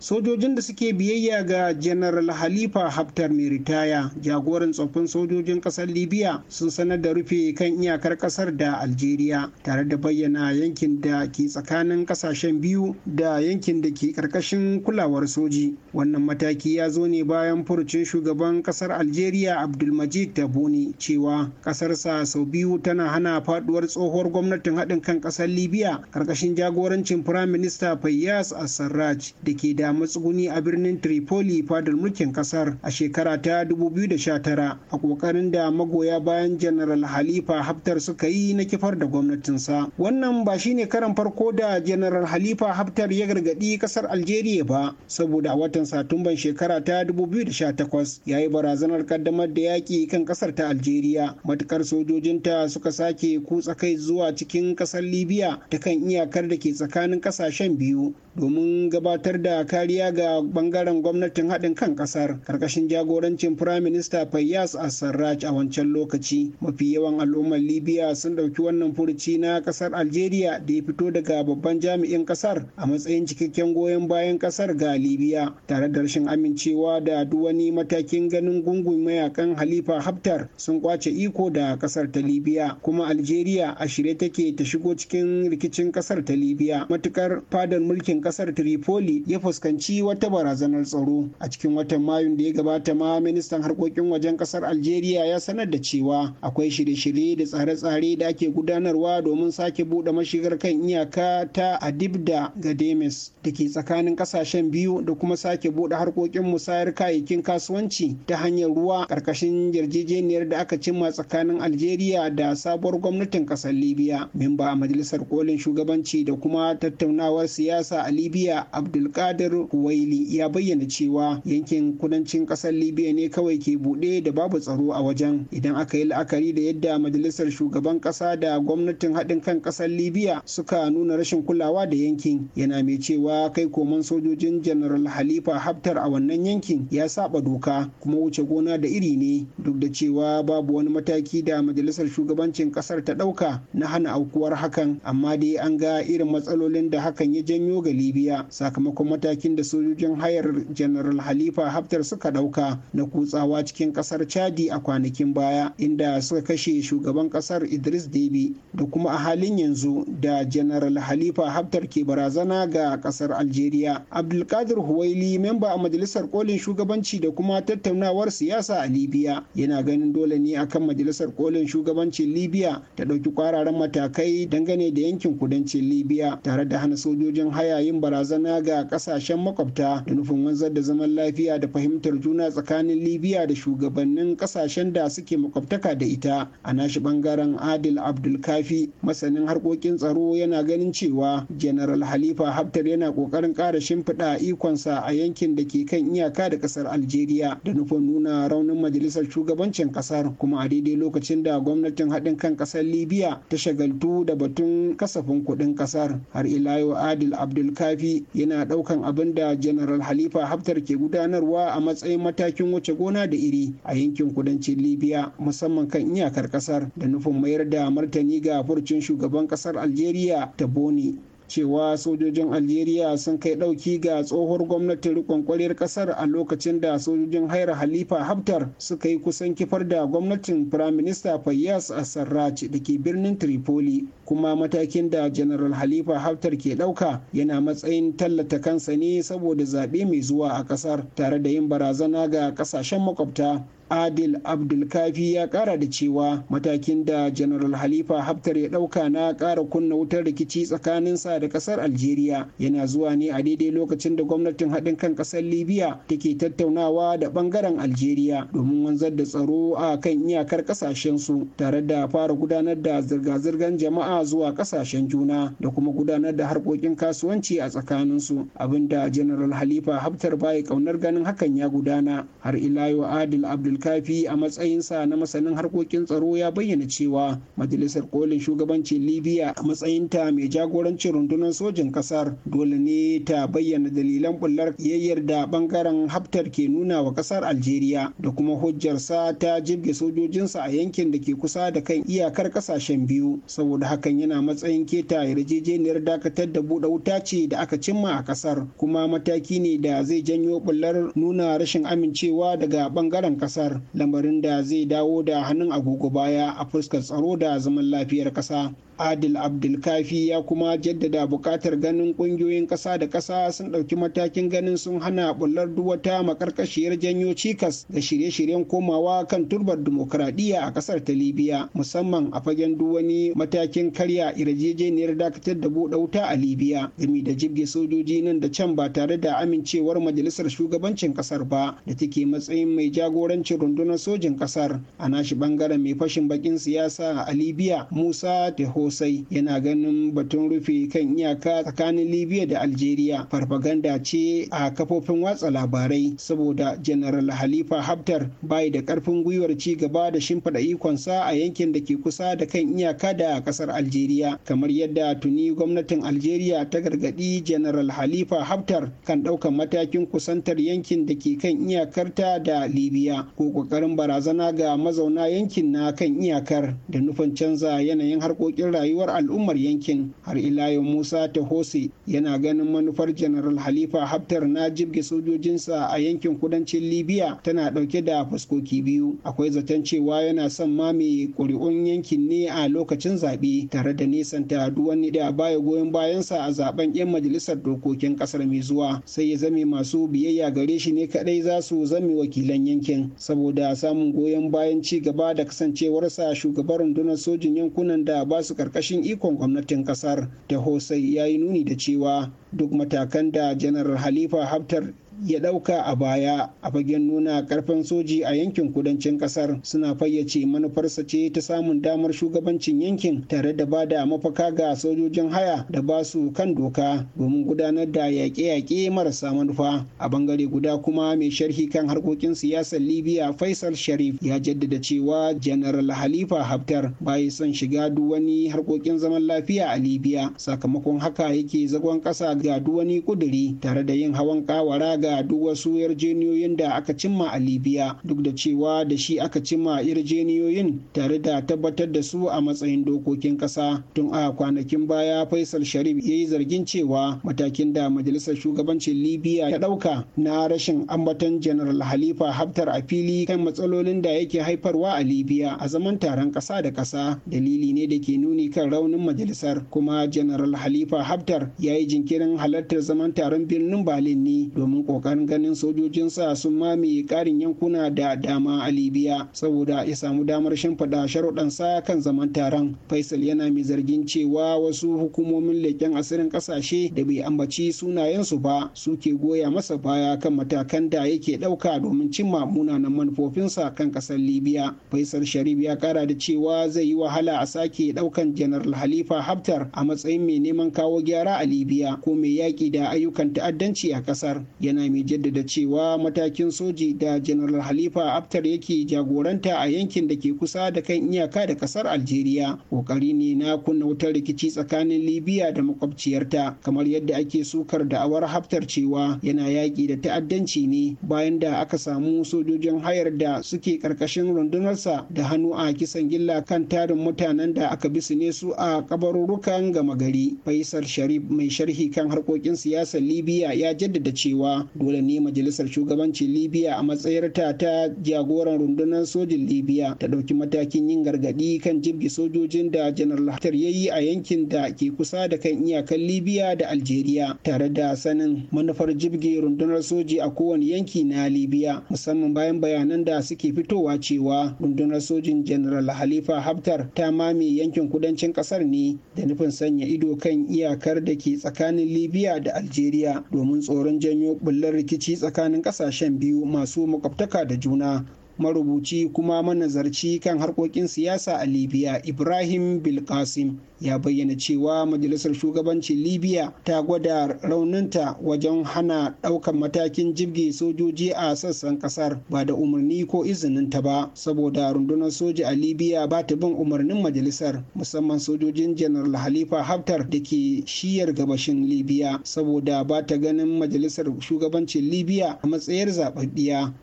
sojojin da suke biyayya ga general halifa haftar mai ritaya jagoran tsoffin sojojin kasar libya sun sanar da rufe kan iyakar kasar da algeria tare da bayyana yankin da ke tsakanin kasashen biyu da yankin da ke karkashin kulawar soji wannan mataki ya zo ne bayan furucin shugaban kasar algeria abdulmajid Tabuni cewa kasarsa sau biyu tana hana faduwar tsohuwar gwamnatin haɗin kan kasar libya karkashin jagorancin firaminista fayyas asarraj da ke da matsuguni a birnin Tripoli fadar mulkin kasar a shekara ta 2019 a kokarin da magoya bayan General Halifa Haftar suka yi na kifar da gwamnatinsa. Wannan ba shi shine karan farko da General Halifa Haftar ya gargadi kasar Algeria ba saboda a watan Satumban shekara ta 2018 ya yi barazanar kaddamar da yaƙi kan kasar ta Algeria matukar sojojinta suka sake kutsa kai zuwa cikin kasar Libya ta kan iyakar da ke tsakanin ƙasashen biyu domin gabatar da kare kariya ga bangaren gwamnatin haɗin kan ƙasar karkashin jagorancin firaminista fayyas assarraj a wancan lokaci mafi yawan al'ummar libya sun ɗauki wannan furuci na ƙasar algeria da ya fito daga babban jami'in ƙasar a matsayin cikakken goyon bayan ƙasar ga libya tare da rashin amincewa da duk wani matakin ganin gungun mayakan halifa haftar sun kwace iko da ƙasar ta libya kuma algeria a shirye take ta shigo cikin rikicin ƙasar ta libya matukar fadar mulkin ƙasar tripoli ya fuskanci fuskanci wata barazanar tsaro a cikin watan mayun da ya gabata ma ministan harkokin wajen kasar algeria ya sanar da cewa akwai shirye-shirye da tsare-tsare da ake gudanarwa domin sake buɗe mashigar kan iyaka ta adibda ga demes da ke tsakanin kasashen biyu da kuma sake buɗe harkokin musayar kayayyakin kasuwanci ta hanyar ruwa ƙarƙashin yarjejeniyar da aka cimma tsakanin algeria da sabuwar gwamnatin ƙasar libya memba a majalisar kolin shugabanci da kuma tattaunawar siyasa a libya abdulkadir Kuwaili ya bayyana cewa yankin kudancin kasar Libya ne kawai ke buɗe da babu tsaro a wajen idan aka yi la'akari da yadda majalisar shugaban kasa da gwamnatin haɗin kan kasar Libya suka nuna rashin kulawa da yankin yana mai cewa kai koman sojojin General Halifa Haftar a wannan yankin ya saba doka kuma wuce gona da iri ne duk da cewa babu wani mataki da majalisar shugabancin kasar ta ɗauka na hana aukuwar hakan amma dai an ga irin matsalolin da hakan ya janyo ga Libya sakamakon matakin da sojojin hayar general halifa haftar suka ɗauka na kutsawa cikin kasar chadi a kwanakin baya inda suka kashe shugaban kasar idris debi da kuma a halin yanzu da general halifa haftar ke barazana ga kasar algeria abdulkadir huwaili memba a majalisar kolin shugabanci da kuma tattaunawar siyasa a libya yana ganin dole ne akan majalisar kolin shugabancin libya ta ɗauki kwararan matakai dangane da yankin kudancin libya tare da hana sojojin haya yin barazana ga ƙasashen makwabta da nufin wanzar da zaman lafiya da fahimtar juna tsakanin libya da shugabannin kasashen da suke makwabtaka da ita a nashi bangaren adil abdulkafi masanin harkokin tsaro yana ganin cewa general halifa haftar yana kokarin kara shimfiɗa ikonsa a yankin da ke kan iyaka da kasar algeria da nufin nuna raunin majalisar shugabancin kasar kuma a daidai lokacin da gwamnatin haɗin kan kasar libya ta shagaltu da batun kasafin kuɗin kasar har ila yau adil abdulkafi yana ɗaukan abin da General Halifa Haftar ke gudanarwa a matsayin matakin wuce gona da iri a yankin kudancin Libya musamman kan iyakar kasar da nufin mayar da martani ga furcin shugaban kasar Algeria ta Boni cewa sojojin algeria sun kai dauki ga tsohuwar gwamnatin rikon kwaryar ƙasar a lokacin da sojojin haira halifa haftar suka yi kusan kifar da gwamnatin firaminista fayyas a sarrace da ke birnin tripoli kuma matakin da general halifa haftar ke ɗauka yana matsayin tallata kansa ne saboda zaɓe mai zuwa a ƙasar tare da yin barazana ga ƙasashen makwabta adil abdulkafi ya ƙara da cewa matakin da general halifa haftar ya ɗauka, na ƙara kunna wutar rikici tsakaninsa da ƙasar algeria yana zuwa ne a daidai lokacin da gwamnatin haɗin kan ƙasar libya take tattaunawa da ɓangaren algeria domin wanzar da tsaro a kan iyakar ƙasashensu tare da fara gudanar da zirga-zirgar jama'a zuwa kasashen juna da kuma gudanar da harkokin kasuwanci a tsakaninsu abinda general halifa haftar baya kaunar ganin hakan ya gudana har ila yau adil abdulkafi a matsayinsa na masanin harkokin tsaro ya bayyana cewa majalisar kolin shugabancin libya a matsayinta mai jagorancin rundunar sojin kasar dole ne ta bayyana dalilan bullar yayyar da bangaren haftar ke nuna wa kasar algeria da kuma hujjarsa ta jirge sojojinsa a yankin da ke kusa da kan iyakar kasashen biyu saboda haka hakan yana matsayin keta yarjejeniyar dakatar da buɗe wuta ce da aka cimma a ƙasar kuma mataki ne da zai janyo bullar nuna rashin amincewa daga ɓangaren ƙasar lamarin da zai dawo da hannun agogo baya a fuskar tsaro da zaman lafiyar kasa adil abdulkafi ya kuma jaddada buƙatar ganin ƙungiyoyin ƙasa da ƙasa sun ɗauki matakin ganin sun hana bullar duwata makarkashiyar janyo cikas da shirye-shiryen komawa kan turbar dimokuraɗiyya a ƙasar ta libya musamman a fagen duwani matakin karya yarjejeniyar dakatar da buɗe wuta a libya gami da jibge sojoji nan da can ba tare da amincewar majalisar shugabancin kasar ba da take matsayin mai jagorancin rundunar sojin kasar a nashi bangaren mai fashin bakin siyasa a libya musa da hosai yana ganin batun rufe kan iyaka tsakanin libya da algeria farfaganda ce a kafofin watsa labarai saboda general halifa haftar bai da karfin gwiwar ci gaba da shimfiɗa ikonsa a yankin da ke kusa da kan iyaka da kasar algeria Algeria kamar yadda tuni gwamnatin Algeria ta gargaɗi General Halifa Haftar kan ɗaukar matakin kusantar yankin da ke kan iyakarta da Libya ko ƙoƙarin barazana ga mazauna yankin na kan iyakar da nufin canza yanayin harkokin rayuwar al'ummar yankin har ila yau Musa Tahose yana ganin manufar General Halifa Haftar na jibge sojojinsa a yankin kudancin Libya tana ɗauke da fuskoki biyu akwai zaton cewa yana son mame ƙuri'un yankin ne a lokacin zaɓe tare da ta, duk wani da baya goyon bayansa a zaben 'yan majalisar dokokin kasar mai zuwa sai ya zame masu biyayya gare shi ne kadai za su zame wakilan yankin saboda samun goyon bayan ci gaba da kasancewarsa shugaban rundunar sojin yankunan da ba su karkashin ikon gwamnatin kasar da hosai ya yi nuni da cewa duk matakan da janar halifa haftar ya ɗauka a baya a fagen nuna karfin soji a yankin kudancin ƙasar suna fayyace manufarsa ce ta samun damar shugabancin yankin tare da ba da mafaka ga sojojin haya da ba su kan doka domin gudanar da yaƙe-yaƙe marasa manufa a bangare guda kuma mai sharhi kan harkokin siyasar libya faisal sharif ya jaddada cewa janaral halifa haftar bai son shiga duk wani harkokin zaman lafiya a libya sakamakon haka yake zagon ƙasa ga duk wani kuduri tare da yin hawan kawara ga duk wasu yarjeniyoyin da aka cimma a libya duk da cewa da shi aka cimma yarjeniyoyin tare da tabbatar da su a matsayin dokokin ƙasa tun a kwanakin baya faisal sharif ya yi zargin cewa matakin da majalisar shugabancin libya ya ɗauka na rashin ambaton general halifa haftar a fili kan matsalolin da yake haifarwa a libya a zaman taron ƙasa da ƙasa dalili ne da ke nuni kan raunin majalisar kuma general halifa haftar ya yi jinkirin halartar zaman taron birnin berlin ne domin kokarin ganin sojojin sa sun mamaye karin yankuna da dama a libya saboda ya samu damar shimfiɗa sa kan zaman taron faisal yana mai zargin cewa wasu hukumomin leken asirin ƙasashe da bai ambaci sunayensu ba suke goya masa baya kan matakan da yake ɗauka domin cimma munanan manufofinsa kan ƙasar libya faisal sharif ya kara da cewa zai yi wahala a sake ɗaukan janar halifa haftar a matsayin mai neman kawo gyara a libya ko mai yaƙi da ayyukan ta'addanci a ƙasar yana yana mai jaddada cewa matakin soji da General Halifa Haftar yake jagoranta a yankin da ke kusa da kan iyaka da kasar Algeria kokari ne na kunna wutar rikici tsakanin Libya da makwabciyarta kamar yadda ake sukar da awar Haftar cewa yana yaƙi da ta'addanci ne bayan da aka samu sojojin hayar da suke ƙarƙashin rundunarsa da hannu a kisan gilla kan tarin mutanen da aka bi su ne su a kabarurrukan gama gari. Faisal Sharif mai sharhi kan harkokin siyasar Libya ya jaddada cewa dole ne majalisar shugabancin libya a matsayar ta ta jagoran rundunar sojin libya ta ɗauki matakin yin gargaɗi kan jibgi sojojin da janar haftar ya yi a yankin da ke kusa da kan iyakan libya da algeria tare da sanin manufar jibge rundunar soji a kowane yanki na libya musamman bayan bayanan da suke fitowa cewa rundunar sojin janar halifa haftar ta mame yankin kudancin kasar ne da nufin sanya ido kan iyakar da ke tsakanin libya da algeria domin tsoron janyo bulla bullar rikici tsakanin kasashen biyu masu makwabtaka da juna marubuci kuma manazarci kan harkokin siyasa a libya ibrahim bilkasim ya bayyana cewa majalisar shugabancin libya ta gwada rauninta wajen hana ɗaukan matakin jirgi sojoji a sassan kasar ba da umarni ko izinin ta ba saboda rundunar soja a libya ba ta bin umarnin majalisar musamman sojojin janar halifa haftar da ke shiyar gabashin libya saboda ba ta ganin majalisar shugabancin libya a matsayar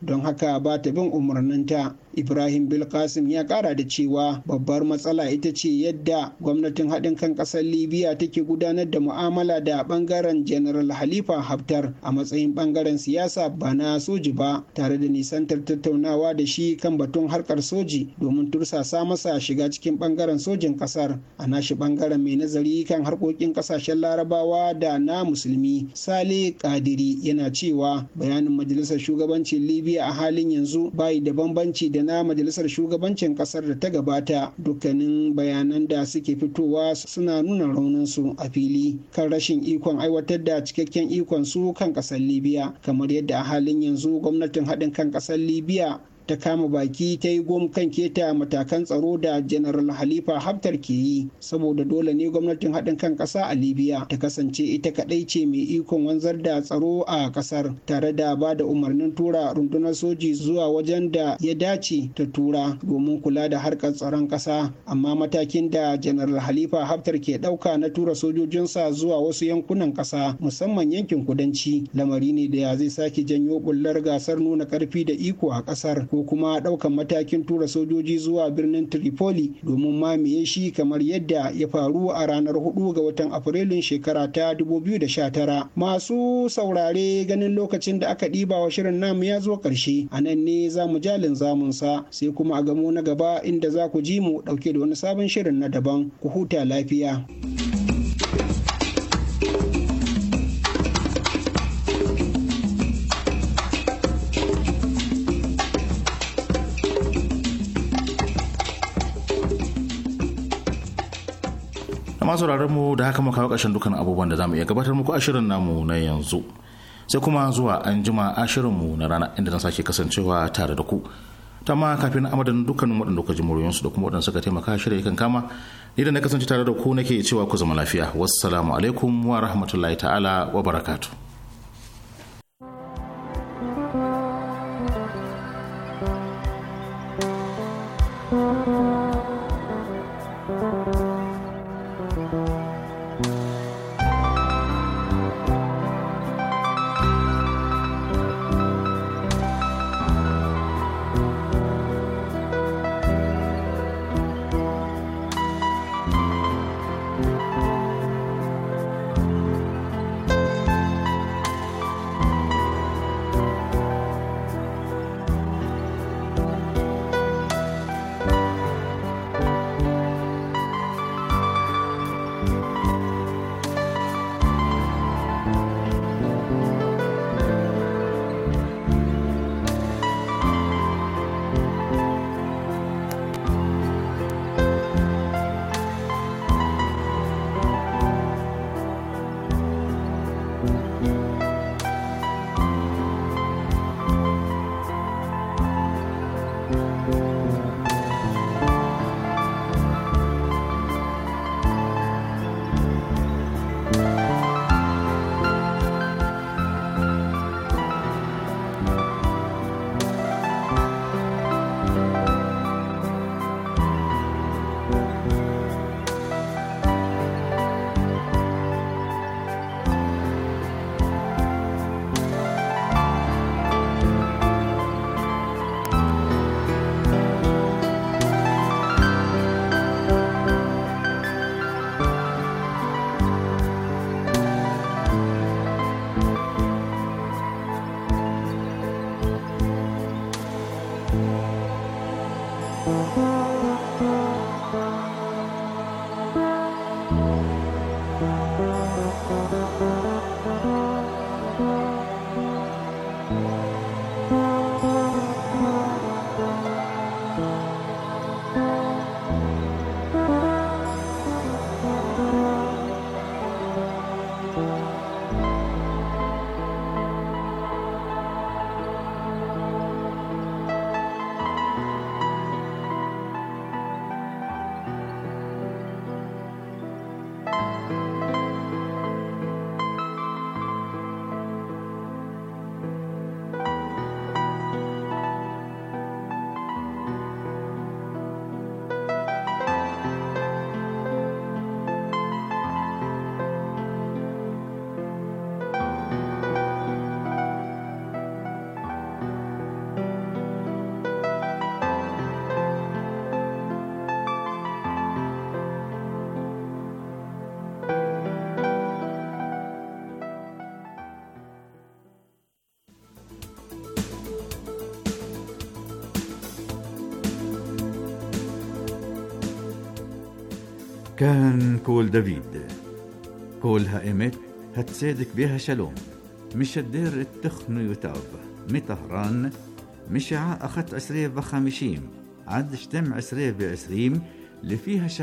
don haka ba bin umarni mukarninta ibrahim bilkasim ya kara da cewa babbar matsala ita ce yadda gwamnatin haɗin kan ƙasar libya take gudanar da mu'amala da ɓangaren general halifa haftar a matsayin ɓangaren siyasa ba na soji ba tare da nisantar tattaunawa da shi kan batun harkar soji domin tursasa masa shiga cikin ɓangaren sojin ƙasar a nashi ɓangaren mai nazari kan harkokin ƙasashen larabawa da na musulmi sale kadiri yana cewa bayanin majalisar shugabancin libya a halin yanzu bayi da da bambanci da na majalisar shugabancin kasar da ta gabata dukkanin bayanan da suke fitowa suna nuna rauninsu a fili kan rashin ikon aiwatar da cikakken ikon su kan kasar libya kamar yadda a halin yanzu gwamnatin haɗin kan kasar libya ta kama baki ta yi gom kan keta matakan tsaro da general halifa haftar ke yi saboda dole ne gwamnatin haɗin kan ƙasa a libya ta kasance ita kaɗai ce mai ikon wanzar da tsaro a ƙasar tare da ba da umarnin tura rundunar soji zuwa wajen da ya dace ta tura domin kula da harkar tsaron ƙasa amma matakin da general halifa haftar ke ɗauka na tura sojojinsa zuwa wasu yankunan ƙasa musamman yankin kudanci lamari ne da ya zai sake janyo bullar gasar nuna ƙarfi da iko a ƙasar ko kuma ɗaukan matakin tura sojoji zuwa birnin Tripoli domin mamaye shi kamar yadda ya faru a ranar 4 ga watan Afrilun shekara ta 2019. Masu saurare ganin lokacin da aka ɗiba wa shirin namu ya zo ƙarshe, a nan ne za mu jalin zamunsa sai kuma a gamo na gaba inda za ku ji mu ɗauke da wani sabon shirin na daban ku huta lafiya. amma sauraron mu da haka muka kawo dukkan abubuwan da zamu iya gabatar muku a shirin namu na yanzu sai kuma zuwa an jima a shirin mu na rana inda zan sake kasancewa tare da ku ta ma kafin amadan dukkanin waɗanda kuka ji muryoyinsu da kuma waɗanda suka taimaka shirya kan kama ni da na kasance tare da ku nake cewa ku zama lafiya wassalamu alaikum wa rahmatullahi ta'ala wa barakatuh كان كول دافيد ها إمت هتسادك بها شلوم مش الدير التخن يتعب مي طهران عا أخت عسرية بخامشيم عد شتم عسرية بعسريم لفيها